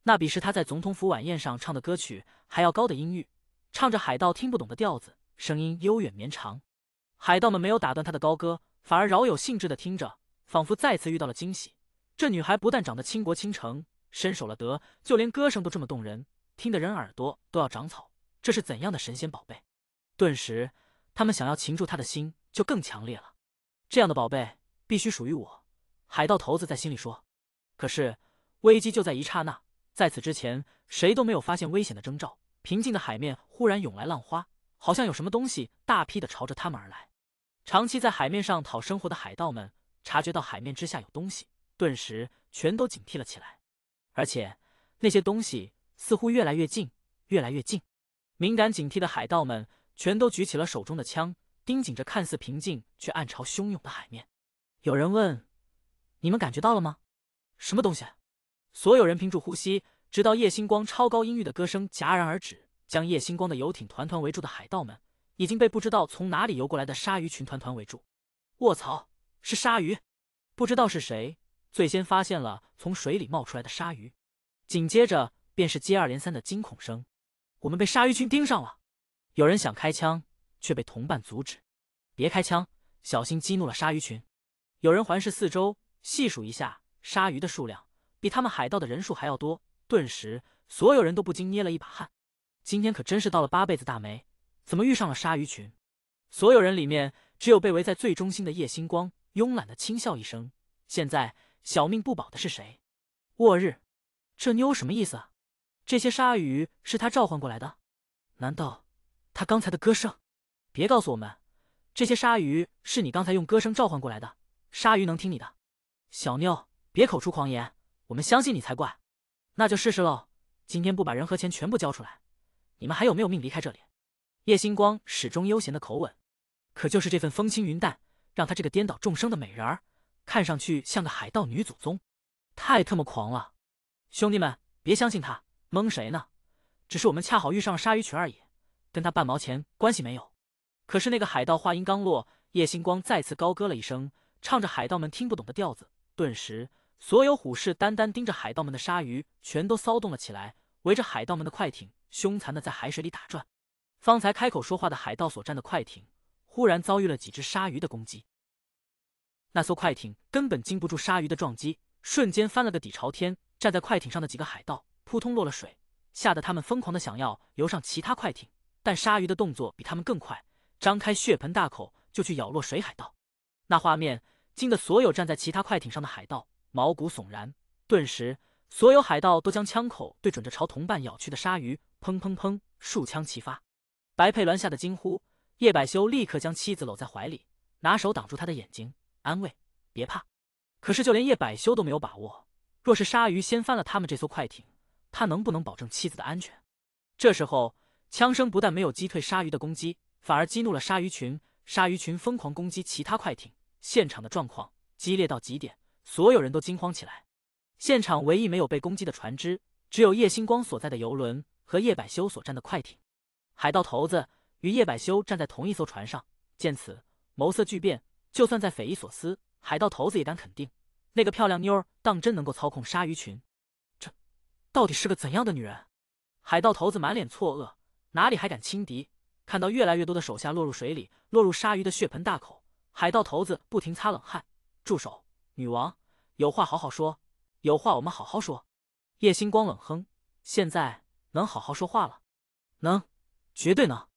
那比是他在總統府晚宴上唱的歌曲還要高的音域，唱着海盜聽不懂的調子。聲音悠遠綿長，海盜們沒有打斷他的高歌，反而饒有興致地聽着，仿佛再次遇到了驚喜。這女孩不但長得傾國傾城，身手了得，就連歌聲都這麼動人，聽得人耳朵都要長草。這是怎樣的神仙寶貝？頓時，他們想要擒住她的心就更強烈了。這樣的寶貝必須屬於我。海盜頭子在心裡說。可是，危機就在一剎那。在此之前，誰都沒有發現危險的徵兆。平靜的海面忽然湧來浪花。好像有什麼東西大批的朝着他們而來。長期在海面上討生活的海盜們察覺到海面之下有東西，頓時全都警惕了起來。而且那些東西似乎越來越近，越來越近。敏感警惕的海盜們全都舉起了手中的槍，盯緊着看似平靜卻暗潮洶湧的海面。有人問：“你們感覺到了嗎？什麼東西？”所有人屏住呼吸，直到葉星光超高音域的歌聲戛然而止。將葉星光的遊艇團團圍住的海盜們，已經被不知道從哪裡游過來的鯊魚群團團圍住。臥槽，是鯊魚！不知道是誰最先發現了從水裡冒出來的鯊魚，緊接着便是接二連三的驚恐聲：“我們被鯊魚群盯上了！”有人想開槍，卻被同伴阻止：“別開槍，小心激怒了鯊魚群。”有人環視四周，細數一下鯊魚的數量，比他們海盜的人數還要多。頓時，所有人都不禁捏了一把汗。今天可真是倒了八輩子大霉，怎麼遇上了鯊魚群？所有人裡面只有被圍在最中心的葉星光慵懶的輕笑一聲。現在小命不保的是誰？我日，這妞什麼意思啊？這些鯊魚是她召喚過來的？難道她剛才的歌聲？別告訴我們，這些鯊魚是你剛才用歌聲召喚過來的？鯊魚能聽你的？小妞別口出狂言，我們相信你才怪。那就試試嘍，今天不把人和錢全部交出來。你們還有沒有命離開這裡？葉星光始終悠閒的口吻，可就是這份風輕雲淡，讓他這個顛倒眾生的美人兒，看上去像個海盜女祖宗，太特麼狂了！兄弟們，別相信他，矇誰呢？只是我們恰好遇上了鯊魚群而已，跟他半毛錢關係沒有。可是那個海盜話音剛落，葉星光再次高歌了一聲，唱着海盜們聽不懂的調子，頓時所有虎視眈眈盯着海盜們的鯊魚全都騷動了起來，圍着海盜們的快艇。兇殘的在海水裡打轉，方才開口說話的海盜所站的快艇忽然遭遇了幾隻鯊魚的攻擊。那艘快艇根本經不住鯊魚的撞擊，瞬間翻了個底朝天。站在快艇上的幾個海盜撲通落了水，嚇得他們瘋狂的想要游上其他快艇，但鯊魚的動作比他們更快，張開血盆大口就去咬落水海盜。那畫面驚得所有站在其他快艇上的海盜毛骨悚然，頓時所有海盜都將槍口對準着朝同伴咬去的鯊魚。砰砰砰！數槍齊發，白佩蘭嚇得驚呼。葉百修立刻將妻子摟在懷裡，拿手擋住他的眼睛，安慰：“別怕。”可是就連葉百修都沒有把握，若是鯊魚掀翻了他們這艘快艇，他能不能保證妻子的安全？這時候，槍聲不但沒有擊退鯊魚的攻擊，反而激怒了鯊魚群。鯊魚群瘋狂攻擊其他快艇，現場的狀況激烈到極點，所有人都驚慌起來。現場唯一沒有被攻擊的船隻，只有葉星光所在的遊輪和葉百修所站的快艇，海盜頭子與葉百修站在同一艘船上，見此眸色劇變。就算再匪夷所思，海盜頭子也敢肯定，那個漂亮妞兒當真能夠操控鯊魚群。這到底是個怎樣的女人？海盜頭子滿臉錯愕，哪裡還敢輕敵？看到越來越多的手下落入水裡，落入鯊魚的血盆大口，海盜頭子不停擦冷汗。住手！女王，有話好好說，有話我們好好說。葉星光冷哼，現在。能好好說話了，能，絕對能。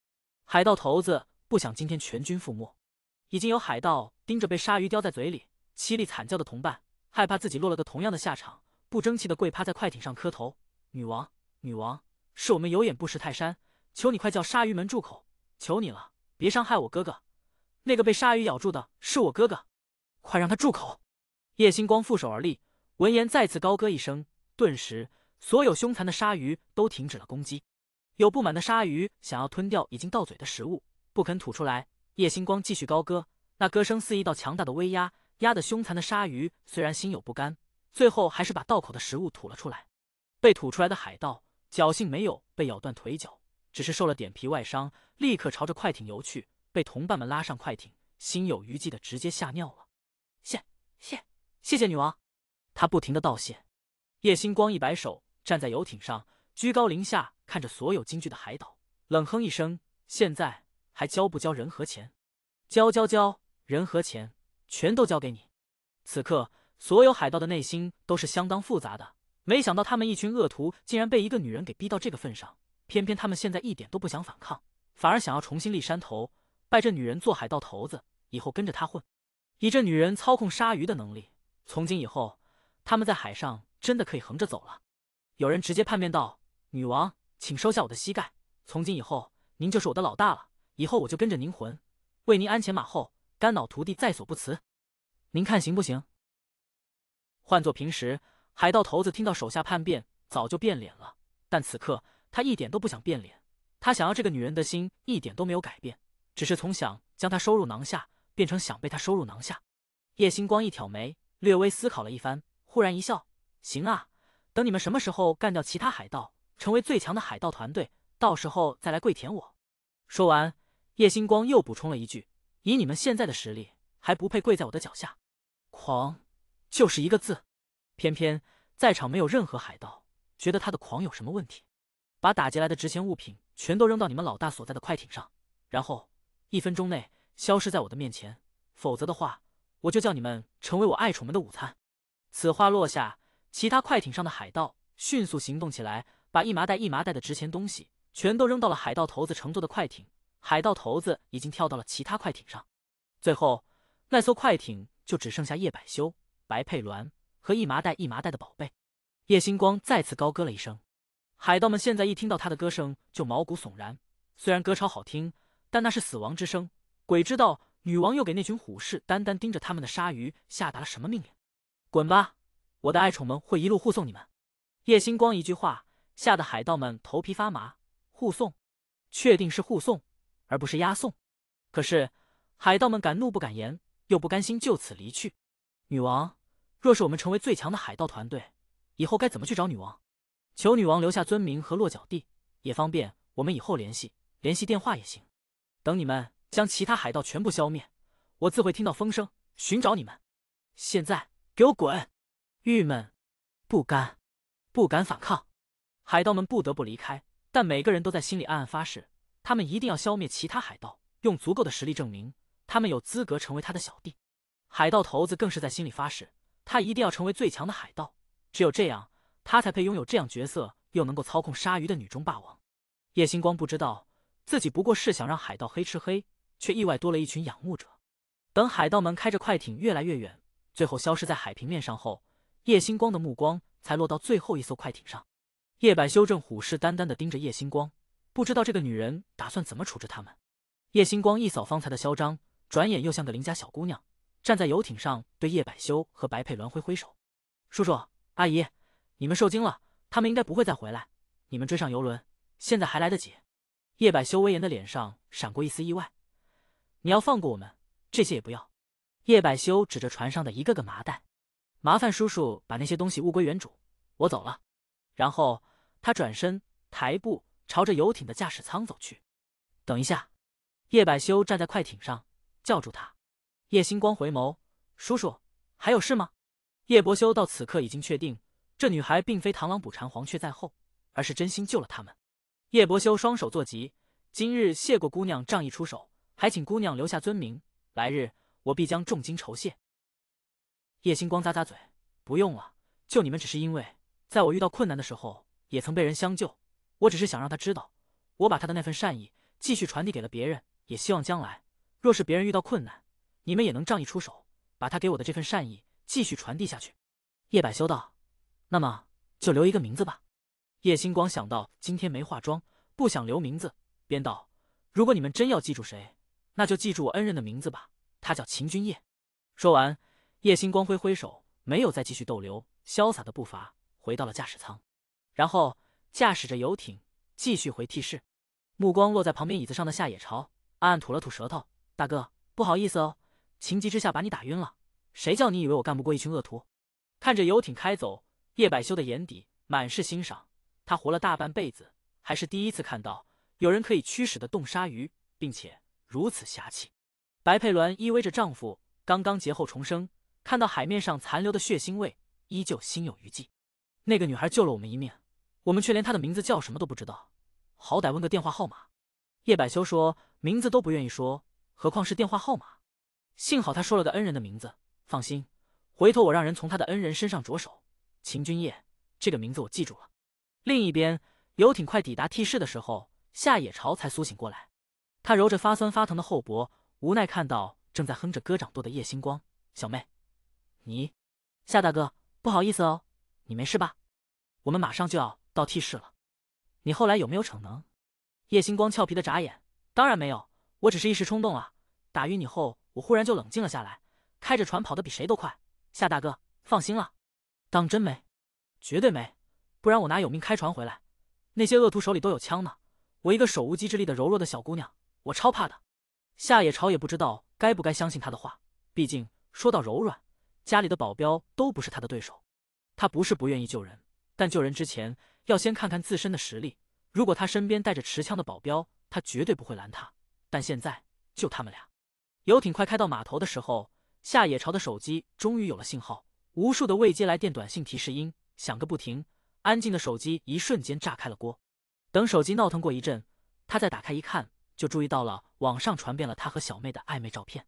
海盜頭子不想今天全軍覆沒，已經有海盜盯着被鯊魚叼在嘴裡、淒厲慘叫的同伴，害怕自己落了個同樣的下場，不爭氣的跪趴在快艇上磕頭：“女王，女王，是我們有眼不識泰山，求你快叫鯊魚們住口，求你了，別傷害我哥哥。那個被鯊魚咬住的是我哥哥，快讓他住口。”葉星光負手而立，聞言再次高歌一聲，頓時。所有兇殘的鯊魚都停止了攻擊，有不滿的鯊魚想要吞掉已經到嘴的食物，不肯吐出來。葉星光繼續高歌，那歌聲似一道強大的威壓，壓得兇殘的鯊魚雖然心有不甘，最後還是把到口的食物吐了出來。被吐出來的海盜僥幸沒有被咬斷腿腳，只是受了點皮外傷，立刻朝着快艇游去，被同伴們拉上快艇，心有餘悸的直接嚇尿了。謝謝謝謝女王，他不停的道謝。葉星光一擺手。站在遊艇上，居高臨下看着所有驚懼的海盜，冷哼一聲：“現在還交不交人和錢？交交交，人和錢全都交給你。”此刻，所有海盜的內心都是相當複雜的。沒想到他們一群惡徒竟然被一個女人給逼到這個份上，偏偏他們現在一點都不想反抗，反而想要重新立山頭，拜這女人做海盜頭子，以後跟着她混。以這女人操控鯊魚的能力，從今以後他們在海上真的可以橫着走了。有人直接叛變道：“女王，請收下我的膝蓋，從今以後您就是我的老大了，以後我就跟着您混，為您鞍前馬後，肝腦塗地，在所不辭，您看行不行？”換作平時，海盜頭子聽到手下叛變，早就變臉了，但此刻他一點都不想變臉，他想要這個女人的心一點都沒有改變，只是從想將她收入囊下，變成想被她收入囊下。葉星光一挑眉，略微思考了一番，忽然一笑：“行啊。”等你們什麼時候幹掉其他海盜，成為最強的海盜團隊，到時候再來跪舔我。說完，葉星光又補充了一句：“以你們現在的實力，還不配跪在我的腳下。”狂，就是一個字。偏偏在場沒有任何海盜，覺得他的狂有什麼問題。把打劫來的值錢物品全都扔到你們老大所在的快艇上，然後一分鐘內消失在我的面前，否則的話，我就叫你們成為我愛寵們的午餐。此話落下。其他快艇上的海盜迅速行動起來，把一麻袋一麻袋的值錢東西全都扔到了海盜頭子乘坐的快艇。海盜頭子已經跳到了其他快艇上，最後那艘快艇就只剩下葉百修、白佩鸞和一麻袋一麻袋的寶貝。葉星光再次高歌了一聲，海盜們現在一聽到他的歌聲就毛骨悚然。雖然歌超好聽，但那是死亡之聲。鬼知道女王又給那群虎視眈眈盯着他們的鯊魚下達了什麼命令？滾吧！我的愛寵們會一路護送你們。葉星光一句話，嚇得海盜們頭皮發麻。護送，確定是護送，而不是押送。可是海盜們敢怒不敢言，又不甘心就此離去。女王，若是我們成為最強的海盜團隊，以後該怎麼去找女王？求女王留下尊名和落腳地，也方便我們以後聯繫，聯繫電話也行。等你們將其他海盜全部消滅，我自會聽到風聲，尋找你們。現在給我滾！鬱悶，不甘，不敢反抗。海盜們不得不離開，但每個人都在心裡暗暗發誓，他們一定要消滅其他海盜，用足夠的實力證明他們有資格成為他的小弟。海盜頭子更是在心裡發誓，他一定要成為最強的海盜，只有這樣，他才配擁有這樣角色，又能夠操控鯊魚的女中霸王。葉星光不知道自己不過是想讓海盜黑吃黑，卻意外多了一群仰慕者。等海盜們開着快艇越來越遠，最後消失在海平面上後。葉星光的目光才落到最後一艘快艇上，葉百修正虎視眈眈地盯着葉星光，不知道這個女人打算怎麼處置他們。葉星光一掃方才的囂張，轉眼又像個鄰家小姑娘，站在遊艇上對葉百修和白佩倫揮揮手：“叔叔，阿姨，你們受驚了，他們應該不會再回來，你們追上遊輪，現在還來得及。”葉百修威嚴的臉上閃過一絲意外：“你要放過我們，這些也不要。”葉百修指着船上的一個個麻袋。麻煩叔叔把那些東西物歸原主，我走了。然後他轉身抬步朝着遊艇的駕駛艙走去。等一下，葉柏修站在快艇上叫住他。葉星光回眸，叔叔還有事嗎？葉柏修到此刻已經確定，這女孩並非螳螂捕蟬黃雀在後，而是真心救了他們。葉柏修雙手作揖，今日謝過姑娘仗義出手，還請姑娘留下尊名，來日我必將重金酬謝。葉星光咂咂嘴：“不用了，救你們，只是因為在我遇到困難的時候，也曾被人相救。我只是想讓他知道，我把他的那份善意繼續傳遞給了別人。也希望將來，若是別人遇到困難，你們也能仗義出手，把他給我的這份善意繼續傳遞下去。”葉百修道：“那麼就留一個名字吧。”葉星光想到今天沒化妝，不想留名字，便道：“如果你們真要記住誰，那就記住我恩人的名字吧。他叫秦君夜。”說完。葉星光揮揮手，沒有再繼續逗留，瀟灑的步伐回到了駕駛艙，然後駕駛着遊艇繼續回 T 市。目光落在旁邊椅子上的夏野潮，暗暗吐了吐舌頭：“大哥，不好意思哦，情急之下把你打暈了。誰叫你以為我幹不過一群惡徒？”看着遊艇開走，葉百修的眼底滿是欣賞。他活了大半輩子，還是第一次看到有人可以驅使得動鯊魚，並且如此俠氣。白佩鸞依偎着丈夫，剛剛劫後重生。看到海面上殘留的血腥味，依舊心有餘悸。那個女孩救了我們一命，我們卻連她的名字叫什麼都不知道。好歹問個電話號碼。葉百修說，名字都不願意說，何況是電話號碼。幸好他說了個恩人的名字，放心，回頭我讓人從他的恩人身上着手。秦君夜這個名字我記住了。另一邊，遊艇快抵達 T 市的時候，夏野潮才蘇醒過來。他揉着發酸發疼的後脖，無奈看到正在哼着歌掌舵的葉星光小妹。你，夏大哥，不好意思哦，你沒事吧？我們馬上就要到 T 市了。你後來有沒有逞能？葉星光俏皮的眨眼，當然沒有，我只是一時衝動了。打暈你後，我忽然就冷靜了下來，開着船跑得比誰都快。夏大哥，放心了，當真沒？絕對沒，不然我哪有命開船回來？那些惡徒手裡都有槍呢，我一個手無縛雞之力的柔弱的小姑娘，我超怕的。夏野朝也不知道該不該相信他的話，畢竟說到柔軟。家裡的保鏢都不是他的對手，他不是不願意救人，但救人之前要先看看自身的實力。如果他身邊帶着持槍的保鏢，他絕對不會攔他。但現在就他們倆。遊艇快開到碼頭的時候，夏野朝的手機終於有了信號，無數的未接來電短信提示音響個不停。安靜的手機一瞬間炸開了鍋。等手機鬧騰過一陣，他再打開一看，就注意到了網上傳遍了他和小妹的曖昧照片。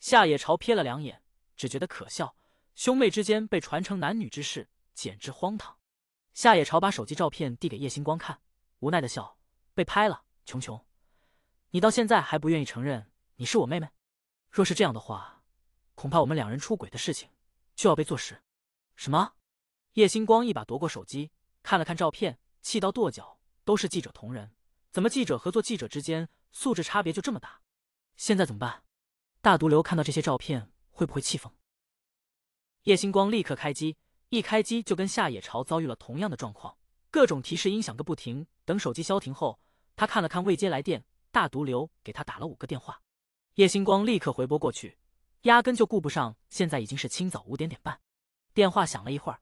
夏野朝瞥了兩眼。只覺得可笑，兄妹之間被傳成男女之事，簡直荒唐。夏野朝把手機照片遞給葉星光看，無奈的笑：“被拍了，瓊瓊，你到現在還不願意承認你是我妹妹？若是這樣的話，恐怕我們兩人出軌的事情就要被坐實。”什麼？葉星光一把奪過手機，看了看照片，氣到跺腳：“都是記者同仁，怎麼記者和做記者之間素質差別就這麼大？現在怎麼辦？”大毒瘤看到這些照片。會不會氣瘋？葉星光立刻開機，一開機就跟夏野朝遭遇了同樣的狀況，各種提示音響個不停。等手機消停後，他看了看未接來電，大毒瘤給他打了五個電話。葉星光立刻回撥過去，壓根就顧不上，現在已經是清早五點點半。電話響了一會兒，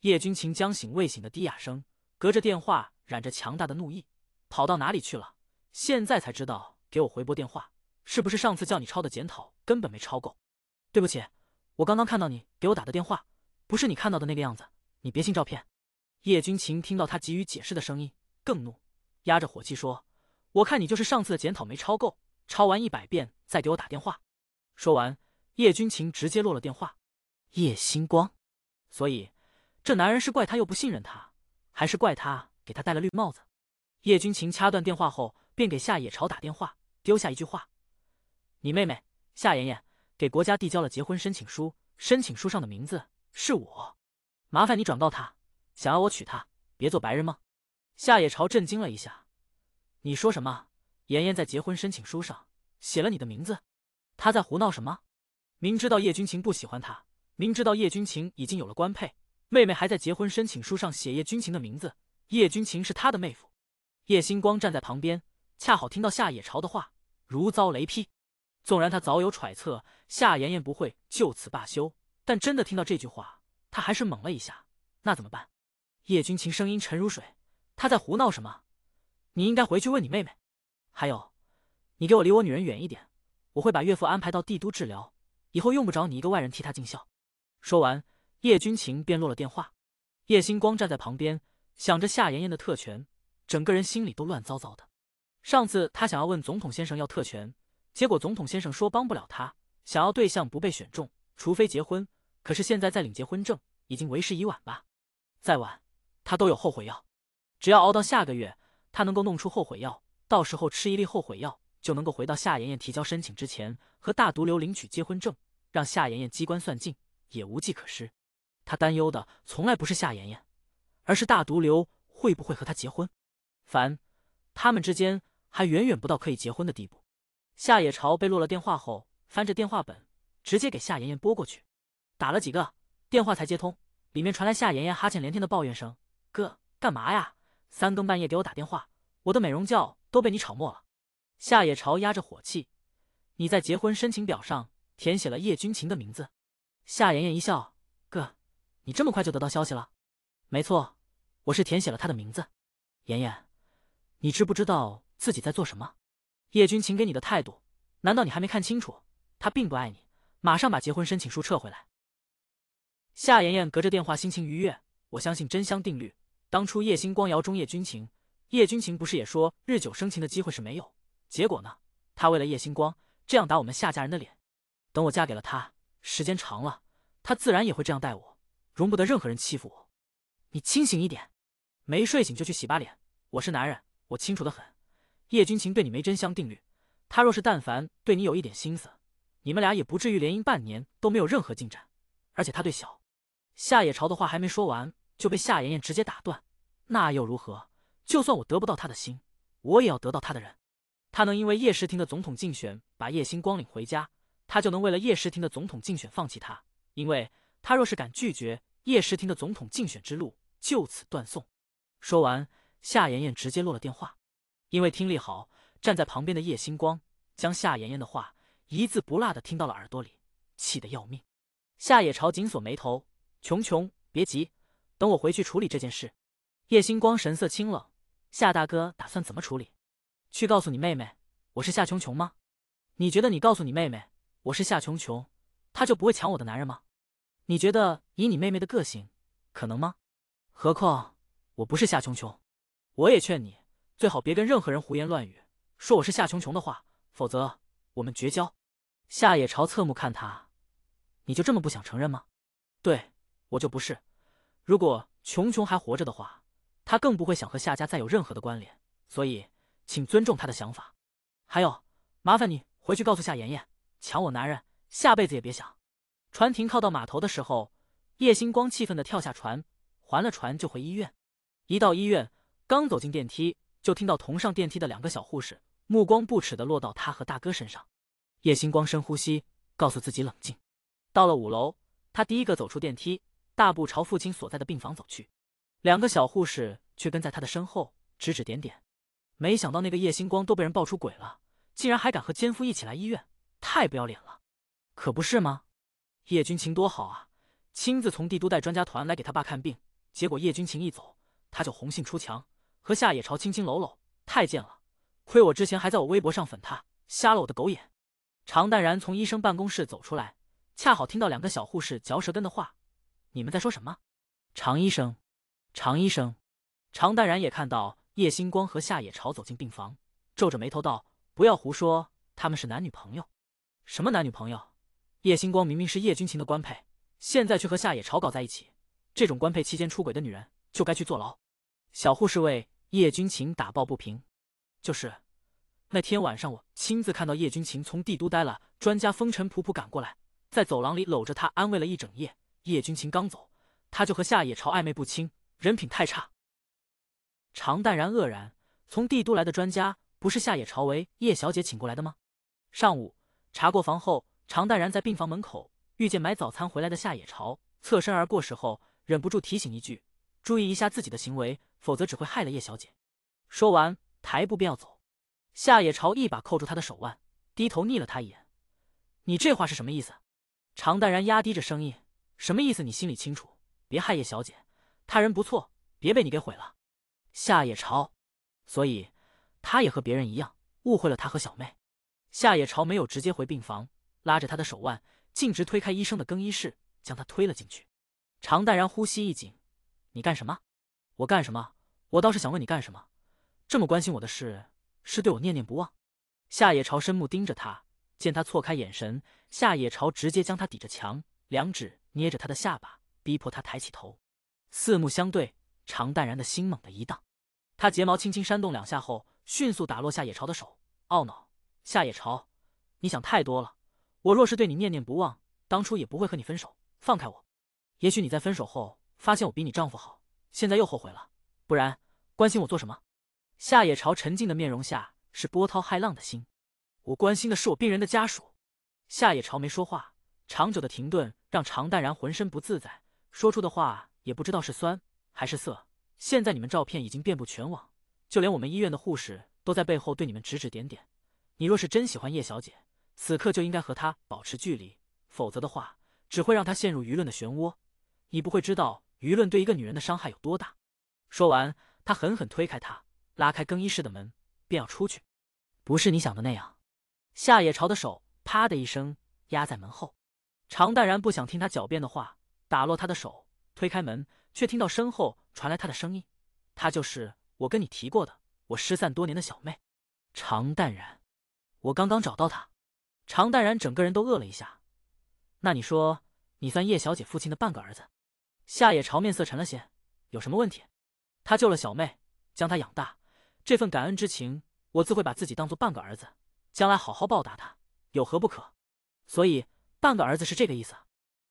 葉君情將醒未醒的低啞聲，隔着電話染着強大的怒意：“跑到哪裡去了？現在才知道給我回撥電話，是不是上次叫你抄的檢討根本沒抄夠？”對不起，我剛剛看到你給我打的電話，不是你看到的那個樣子，你別信照片。葉君情聽到他急於解釋的聲音，更怒，壓着火氣說：“我看你就是上次的檢討沒抄夠，抄完一百遍再給我打電話。”說完，葉君情直接落了電話。葉星光，所以這男人是怪他又不信任他，還是怪他給他戴了綠帽子？葉君情掐斷電話後，便給夏野朝打電話，丟下一句話：“你妹妹夏妍妍。”給國家遞交了結婚申請書，申請書上的名字是我。麻煩你轉告他，想要我娶她，別做白日夢。夏野朝震驚了一下，你說什麼？妍妍在結婚申請書上寫了你的名字？她在胡鬧什麼？明知道葉軍情不喜歡她，明知道葉軍情已經有了官配，妹妹還在結婚申請書上寫葉軍情的名字，葉軍情是她的妹夫。葉星光站在旁邊，恰好聽到夏野朝的話，如遭雷劈。縱然他早有揣測夏妍妍不會就此罷休，但真的聽到這句話，他還是懵了一下。那怎麼辦？葉君情聲音沉如水，他在胡鬧什麼？你應該回去問你妹妹。還有，你給我離我女人遠一點。我會把岳父安排到帝都治療，以後用不着你一個外人替他盡孝。說完，葉君情便落了電話。葉星光站在旁邊，想着夏妍妍的特權，整個人心裡都亂糟糟的。上次他想要問總統先生要特權。結果，總統先生說幫不了他。想要對象不被選中，除非結婚。可是現在再領結婚證，已經為時已晚吧？再晚，他都有後悔藥。只要熬到下個月，他能夠弄出後悔藥，到時候吃一粒後悔藥，就能夠回到夏妍妍提交申請之前，和大毒瘤領取結婚證，讓夏妍妍機關算盡也無計可施。他擔憂的從來不是夏妍妍，而是大毒瘤會不會和他結婚。凡，他們之間還遠遠不到可以結婚的地步。夏野朝被落了電話後，翻着電話本，直接給夏妍妍撥過去，打了幾個電話才接通，裡面傳來夏妍妍哈欠連天的抱怨聲：“哥，幹嘛呀？三更半夜給我打電話，我的美容覺都被你吵沒了。”夏野朝壓着火氣：“你在結婚申請表上填寫了葉君晴的名字。”夏妍妍一笑：“哥，你這麼快就得到消息了？沒錯，我是填寫了他的名字。妍妍，你知不知道自己在做什麼？”葉君情給你的態度，難道你還沒看清楚？他並不愛你，馬上把結婚申請書撤回來。夏妍妍隔着電話心情愉悅，我相信真香定律。當初葉星光搖中葉君情，葉君情不是也說日久生情的機會是沒有？結果呢？他為了葉星光這樣打我們夏家人的臉。等我嫁給了他，時間長了，他自然也會這樣待我，容不得任何人欺負我。你清醒一點，沒睡醒就去洗把臉。我是男人，我清楚的很。葉君情對你沒真香定律，他若是但凡對你有一點心思，你們倆也不至於聯姻半年都沒有任何進展。而且他對小夏野朝的話還沒說完，就被夏妍妍直接打斷。那又如何？就算我得不到他的心，我也要得到他的人。他能因為葉時庭的總統競選把葉星光領回家，他就能為了葉時庭的總統競選放棄他。因為他若是敢拒絕葉時庭的總統競選之路，就此斷送。說完，夏妍妍直接落了電話。因為聽力好，站在旁邊的葉星光將夏妍妍的話一字不落的聽到了耳朵裡，氣得要命。夏野朝緊鎖眉頭：“瓊瓊，別急，等我回去處理這件事。”葉星光神色清冷：“夏大哥打算怎麼處理？”“去告訴你妹妹，我是夏瓊瓊嗎？”“你覺得你告訴你妹妹我是夏瓊瓊，她就不會搶我的男人嗎？”“你覺得以你妹妹的個性，可能嗎？”“何況我不是夏瓊瓊，我也勸你。”最好別跟任何人胡言亂語，說我是夏瓊瓊的話，否則我們絕交。夏野朝側目看他，你就這麼不想承認嗎？對，我就不是。如果瓊瓊還活着的話，他更不會想和夏家再有任何的關聯，所以請尊重他的想法。還有，麻煩你回去告訴夏妍妍搶我男人，下輩子也別想。船停靠到碼頭的時候，葉星光氣憤地跳下船，還了船就回醫院。一到醫院，剛走進電梯。就聽到同上電梯的兩個小護士目光不恥的落到他和大哥身上。葉星光深呼吸，告訴自己冷靜。到了五樓，他第一個走出電梯，大步朝父親所在的病房走去。兩個小護士卻跟在他的身後，指指點點。沒想到那個葉星光都被人爆出軌了，竟然還敢和奸夫一起來醫院，太不要臉了！可不是嗎？葉君情多好啊，親自從帝都帶專家團來給他爸看病，結果葉君情一走，他就紅杏出牆。和夏野朝卿卿摟摟，太賤了！虧我之前還在我微博上粉他，瞎了我的狗眼。常淡然從醫生辦公室走出來，恰好聽到兩個小護士嚼舌根的話：“你們在說什麼？”常醫生，常醫生，常淡然也看到葉星光和夏野朝走進病房，皺着眉頭道：“不要胡說，他們是男女朋友。”“什麼男女朋友？”“葉星光明明是葉君情的官配，現在卻和夏野朝搞在一起，這種官配期間出軌的女人，就該去坐牢。”小護士為葉君晴打抱不平就是那天晚上，我親自看到葉君晴從帝都待了，專家風塵僕僕趕，趕過來，在走廊裡摟着她安慰了一整夜。葉君晴剛走，她就和夏野朝曖昧不清，人品太差。常淡然愕然，從帝都來的專家不是夏野朝為葉小姐請過來的嗎？上午查過房後，常淡然在病房門口遇見買早餐回來的夏野朝，側身而過時候，忍不住提醒一句：“注意一下自己的行為。”否則只會害了葉小姐。說完，抬步便要走。夏野朝一把扣住他的手腕，低頭睨了他一眼：“你這話是什麼意思？”常淡然壓低着聲音：“什麼意思？你心裡清楚。別害葉小姐，她人不錯，別被你給毀了。”夏野朝，所以他也和別人一樣，誤會了他和小妹。夏野朝沒有直接回病房，拉着他的手腕，徑直推開醫生的更衣室，將他推了進去。常淡然呼吸一緊：“你幹什麼？”我幹什麼？我倒是想問你幹什麼，這麼關心我的事，是對我念念不忘？夏野朝深目盯着他，見他錯開眼神，夏野朝直接將他抵着牆，兩指捏着他的下巴，逼迫他抬起頭。四目相對，常淡然的心猛地一蕩。他睫毛輕輕扇動兩下後，迅速打落夏野朝的手，懊惱：“夏野朝，你想太多了。我若是對你念念不忘，當初也不會和你分手。放開我，也許你在分手後發現我比你丈夫好。”現在又後悔了，不然關心我做什麼？夏野朝沉靜的面容下是波濤駭浪的心。我關心的是我病人的家屬。夏野朝沒說話，長久的停頓讓常淡然渾身不自在，說出的話也不知道是酸還是澀。現在你們照片已經遍布全網，就連我們醫院的護士都在背後對你們指指點點。你若是真喜歡葉小姐，此刻就應該和她保持距離，否則的話，只會讓她陷入輿論的漩渦。你不會知道。輿論對一個女人的傷害有多大？說完，他狠狠推開他，拉開更衣室的門，便要出去。不是你想的那樣。夏野朝的手啪的一聲壓在門後。常淡然不想聽他狡辯的話，打落他的手，推開門，卻聽到身後傳來他的聲音：“她就是我跟你提過的，我失散多年的小妹。”常淡然，我剛剛找到她。常淡然整個人都愕了一下。那你說，你算葉小姐父親的半個兒子？夏野朝面色沉了些，有什麼問題？他救了小妹，將她養大，這份感恩之情，我自會把自己當做半個兒子，將來好好報答他，有何不可？所以，半個兒子是這個意思。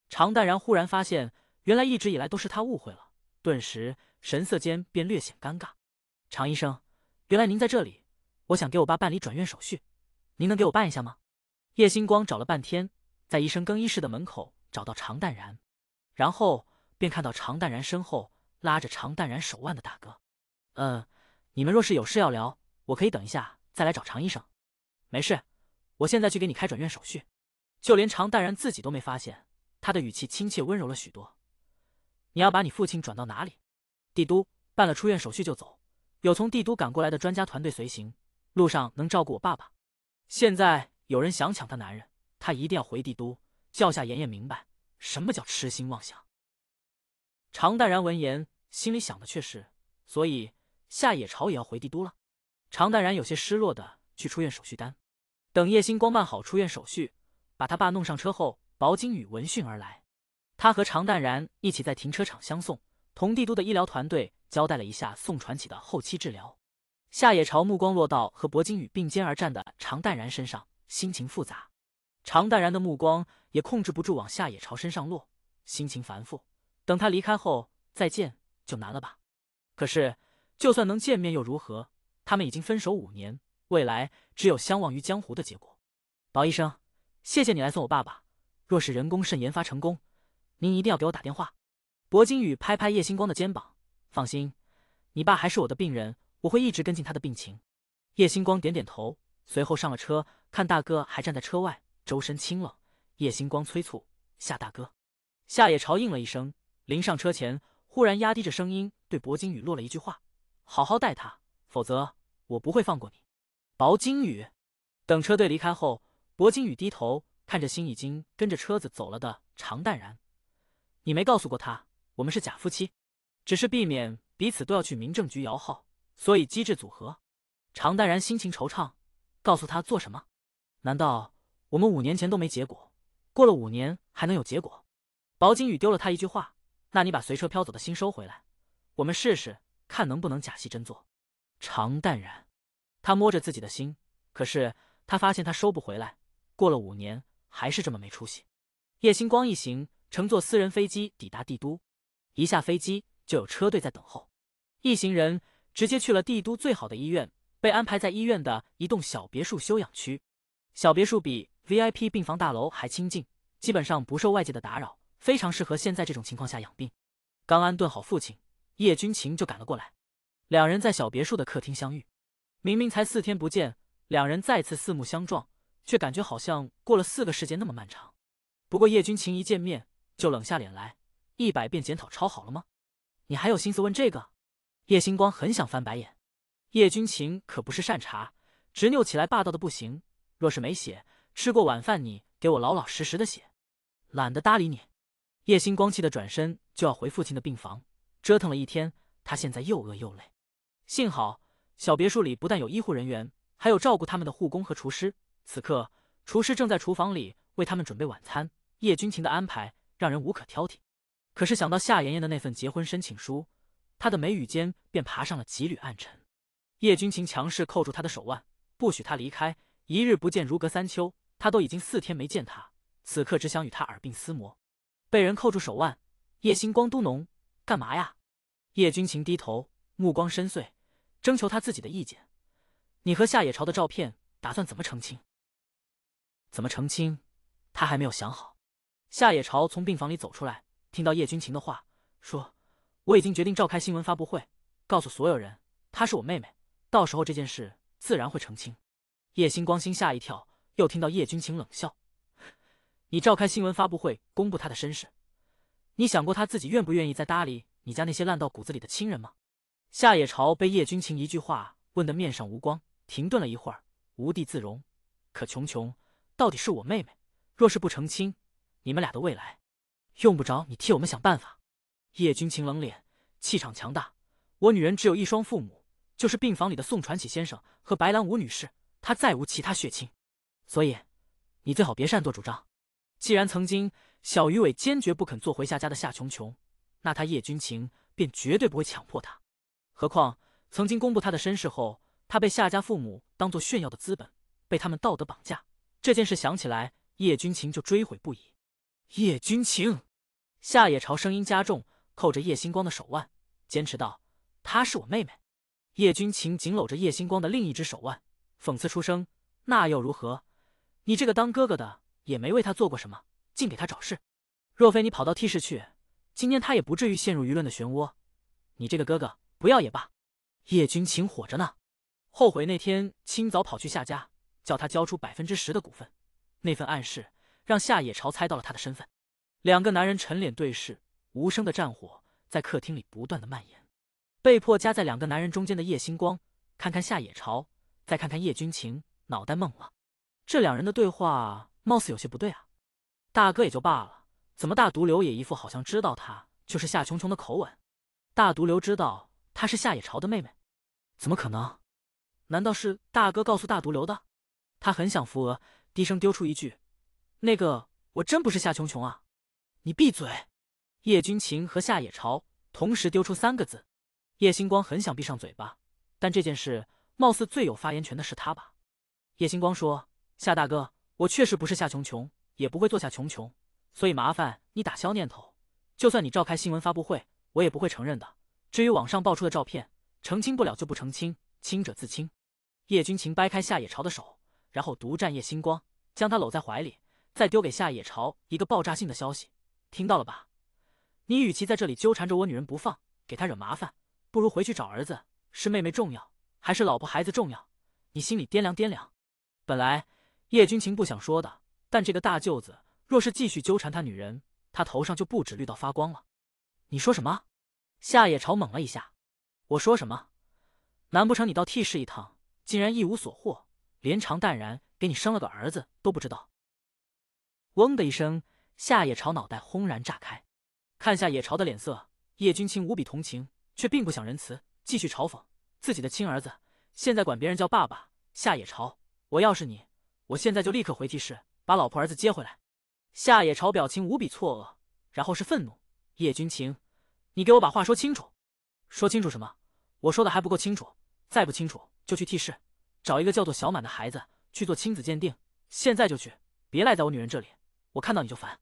常淡然忽然發現，原來一直以來都是他誤會了，頓時神色間便略顯尷尬。常醫生，原來您在這裡，我想給我爸辦理轉院手續，您能給我辦一下嗎？葉星光找了半天，在醫生更衣室的門口找到常淡然，然後，便看到常淡然身後拉着常淡然手腕的大哥，嗯，你們若是有事要聊，我可以等一下再來找常醫生。沒事，我現在去給你開轉院手續。就連常淡然自己都沒發現，他的語氣親切溫柔了許多。你要把你父親轉到哪裡？帝都，辦了出院手續就走，有從帝都趕過來的專家團隊隨行，路上能照顧我爸爸。現在有人想搶他男人，他一定要回帝都，叫下妍妍明白什麼叫痴心妄想。常淡然聞言，心裡想的卻是：所以夏野朝也要回帝都了。常淡然有些失落的去出院手續單。等葉星光辦好出院手續，把他爸弄上車後，薄金宇聞訊而來，他和常淡然一起在停車場相送，同帝都的醫療團隊交代了一下宋傳奇的後期治療。夏野朝目光落到和薄金宇並肩而站的常淡然身上，心情複雜。常淡然的目光也控制不住往夏野朝身上落，心情繁複。等他離開後再見就難了吧？可是就算能見面又如何？他們已經分手五年，未來只有相忘於江湖的結果。薄醫生，謝謝你來送我爸爸。若是人工腎研發成功，您一定要給我打電話。薄金宇拍拍葉星光的肩膀，放心，你爸還是我的病人，我會一直跟進他的病情。葉星光點點頭，隨後上了車。看大哥還站在車外，周身清冷。葉星光催促夏大哥，夏野朝應了一聲。臨上車前，忽然壓低着聲音對薄金宇落了一句話：“好好待他，否則我不會放過你。”薄金宇等車隊離開後，薄金宇低頭看着心已經跟着車子走了的常淡然：“你沒告訴過他，我們是假夫妻，只是避免彼此都要去民政局搖號，所以機智組合。”常淡然心情惆悵，告訴他做什麼？難道我們五年前都沒結果？過了五年還能有結果？薄金宇丟了他一句話。那你把隨車飄走的心收回來，我們試試看能不能假戲真做。常淡然，他摸着自己的心，可是他發現他收不回來。過了五年，還是這麼沒出息。葉星光一行乘坐私人飛機抵達帝都，一下飛機就有車隊在等候，一行人直接去了帝都最好的醫院，被安排在醫院的一棟小別墅休養區。小別墅比 VIP 病房大樓還清靜，基本上不受外界的打擾。非常適合現在這種情況下養病。剛安頓好父親，葉君情就趕了過來，兩人在小別墅的客廳相遇。明明才四天不見，兩人再次四目相撞，卻感覺好像過了四個世界那麼漫長。不過葉君情一見面就冷下臉來：“一百遍檢討抄好了嗎？你還有心思問這個？”葉星光很想翻白眼。葉君情可不是善茬，執拗起來霸道的不行。若是沒寫，吃過晚飯你給我老老實實的寫，懶得搭理你。葉星光氣得轉身就要回父親的病房，折騰了一天，他現在又餓又累。幸好小別墅裡不但有醫護人員，還有照顧他們的護工和廚師。此刻，廚師正在廚房裡為他們準備晚餐。葉軍情的安排讓人無可挑剔。可是想到夏妍妍的那份結婚申請書，他的眉宇間便爬上了幾縷暗沉。葉軍情強勢扣住他的手腕，不許他離開。一日不見如隔三秋，他都已經四天沒見他，此刻只想與他耳鬢廝磨。被人扣住手腕，葉星光嘟噥：“幹嘛呀？”葉君情低頭，目光深邃，徵求他自己的意見：“你和夏野朝的照片，打算怎麼澄清？怎麼澄清？他還沒有想好。”夏野朝從病房裡走出來，聽到葉君情的話，說：“我已經決定召開新聞發佈會，告訴所有人，她是我妹妹。到時候這件事自然會澄清。”葉星光心嚇一跳，又聽到葉君情冷笑。你召開新聞發布會，公布他的身世，你想過他自己願不願意再搭理你家那些爛到骨子裡的親人嗎？夏野潮被葉君情一句話問得面上無光，停頓了一會兒，無地自容。可瓊瓊到底是我妹妹，若是不成親，你們倆的未來，用不着你替我們想辦法。葉君情冷臉，氣場強大。我女人只有一雙父母，就是病房裡的宋傳奇先生和白蘭舞女士，她再無其他血親，所以你最好別擅作主張。既然曾經小魚尾堅決不肯做回夏家的夏瓊瓊，那他葉君情便絕對不會強迫他。何況曾經公布他的身世後，他被夏家父母當做炫耀的資本，被他們道德綁架這件事想起來，葉君情就追悔不已。葉君情，夏野朝聲音加重，扣着葉星光的手腕，堅持道：“她是我妹妹。”葉君情緊摟着葉星光的另一隻手腕，諷刺出聲：“那又如何？你這個當哥哥的。”也沒為他做過什麼，淨給他找事。若非你跑到 T 市去，今天他也不至於陷入輿論的漩渦。你這個哥哥不要也罷。葉君情火着呢，後悔那天清早跑去夏家，叫他交出百分之十的股份。那份暗示讓夏野潮猜到了他的身份。兩個男人沉臉對視，無聲的戰火在客廳裡不斷的蔓延。被迫夾在兩個男人中間的葉星光，看看夏野潮，再看看葉君情，腦袋懵了。這兩人的對話。貌似有些不對啊，大哥也就罷了，怎麼大毒瘤也一副好像知道他就是夏瓊瓊的口吻？大毒瘤知道他是夏野朝的妹妹？怎麼可能？難道是大哥告訴大毒瘤的？他很想扶額，低聲丟出一句：“那個，我真不是夏瓊瓊啊！”你閉嘴！葉君晴和夏野朝同時丟出三個字，葉星光很想閉上嘴巴，但這件事貌似最有發言權的是他吧？葉星光說：“夏大哥。”我確實不是夏瓊瓊，也不會做夏瓊瓊，所以麻煩你打消念頭。就算你召開新聞發布會，我也不會承認的。至於網上爆出的照片，澄清不了就不澄清，清者自清。葉君情掰開夏野潮的手，然後獨占葉星光，將他摟在懷裡，再丟給夏野潮一個爆炸性的消息。聽到了吧？你與其在這裡糾纏着我女人不放，給她惹麻煩，不如回去找兒子。是妹妹重要，還是老婆孩子重要？你心裡掂量掂量。本來。葉君情不想說的，但這個大舅子若是繼續糾纏他女人，他頭上就不止綠到發光了。你說什麼？夏野朝猛了一下。我說什麼？難不成你到 T 市一趟，竟然一無所獲，連長淡然給你生了個兒子都不知道？嗡的一聲，夏野朝腦袋轟然炸開。看夏野朝的臉色，葉君情無比同情，卻並不想仁慈，繼續嘲諷自己的親兒子。現在管別人叫爸爸，夏野朝，我要是你。我現在就立刻回替市，把老婆兒子接回來。夏野朝表情無比錯愕，然後是憤怒。葉君晴，你給我把話說清楚。說清楚什麼？我說的還不夠清楚？再不清楚就去替市，找一個叫做小滿的孩子去做親子鑑定，現在就去，別賴在我女人這裡，我看到你就煩。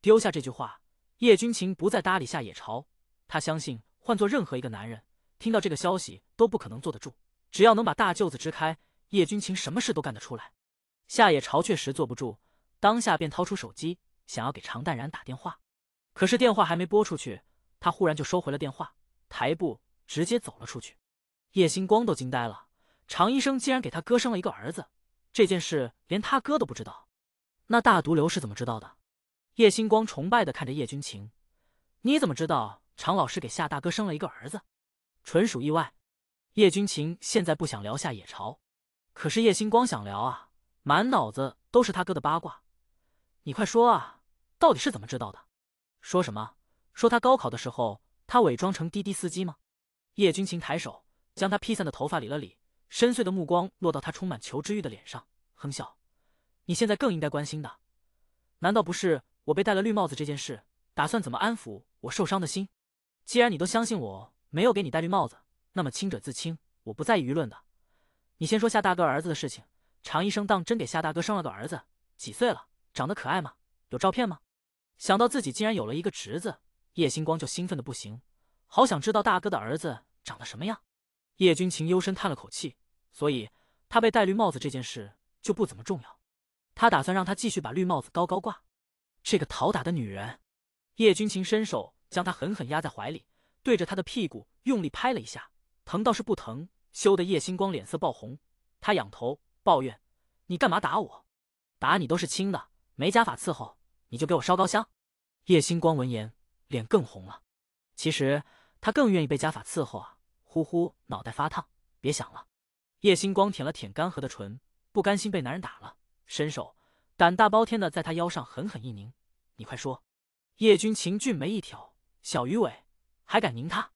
丟下這句話，葉君晴不再搭理夏野朝。他相信，換做任何一個男人，聽到這個消息都不可能坐得住。只要能把大舅子支開，葉君晴什麼事都幹得出來。夏野朝確實坐不住，當下便掏出手機，想要給常淡然打電話。可是電話還沒撥出去，他忽然就收回了電話，抬步直接走了出去。葉星光都驚呆了，常醫生竟然給他哥生了一個兒子，這件事連他哥都不知道。那大毒瘤是怎麼知道的？葉星光崇拜地看着葉君晴：“你怎麼知道常老師給夏大哥生了一個兒子？純屬意外。”葉君晴現在不想聊夏野朝，可是葉星光想聊啊。滿腦子都是他哥的八卦，你快說啊，到底是怎麼知道的？說什麼？說他高考的時候他偽裝成滴滴司機嗎？葉君情抬手將他披散的頭髮理了理，深邃的目光落到他充滿求知欲的臉上，哼笑。你現在更應該關心的，難道不是我被戴了綠帽子這件事？打算怎麼安撫我受傷的心？既然你都相信我沒有給你戴綠帽子，那麼清者自清，我不在意輿論的。你先說下大哥兒子的事情。常醫生當真給夏大哥生了個兒子？幾歲了？長得可愛嗎？有照片嗎？想到自己竟然有了一個侄子，葉星光就興奮的不行，好想知道大哥的兒子長得什麼樣。葉君情幽深嘆了口氣，所以他被戴綠帽子這件事就不怎麼重要。他打算讓他繼續把綠帽子高高掛。這個討打的女人，葉君情伸手將他狠狠壓在懷裡，對着他的屁股用力拍了一下，疼倒是不疼，羞得葉星光臉色爆紅。他仰頭。抱怨，你幹嘛打我？打你都是輕的，沒家法伺候，你就給我燒高香。葉星光聞言，臉更紅了。其實他更願意被家法伺候啊！呼呼，腦袋發燙，別想了。葉星光舔了舔乾涸的唇，不甘心被男人打了，伸手，膽大包天的在他腰上狠狠一擰。你快說！葉君情俊眉一挑，小魚尾還敢擰他？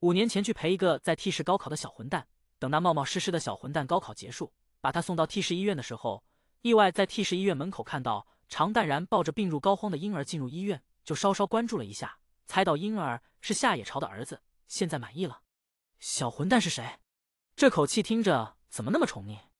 五年前去陪一個在 T 市高考的小混蛋，等那冒冒失失的小混蛋高考結束。把他送到 T 市醫院的時候，意外在 T 市醫院門口看到常淡然抱着病入膏肓的嬰兒進入醫院，就稍稍關注了一下，猜到嬰兒是夏野朝的兒子，現在滿意了。小混蛋是誰？這口氣聽着怎麼那麼寵溺？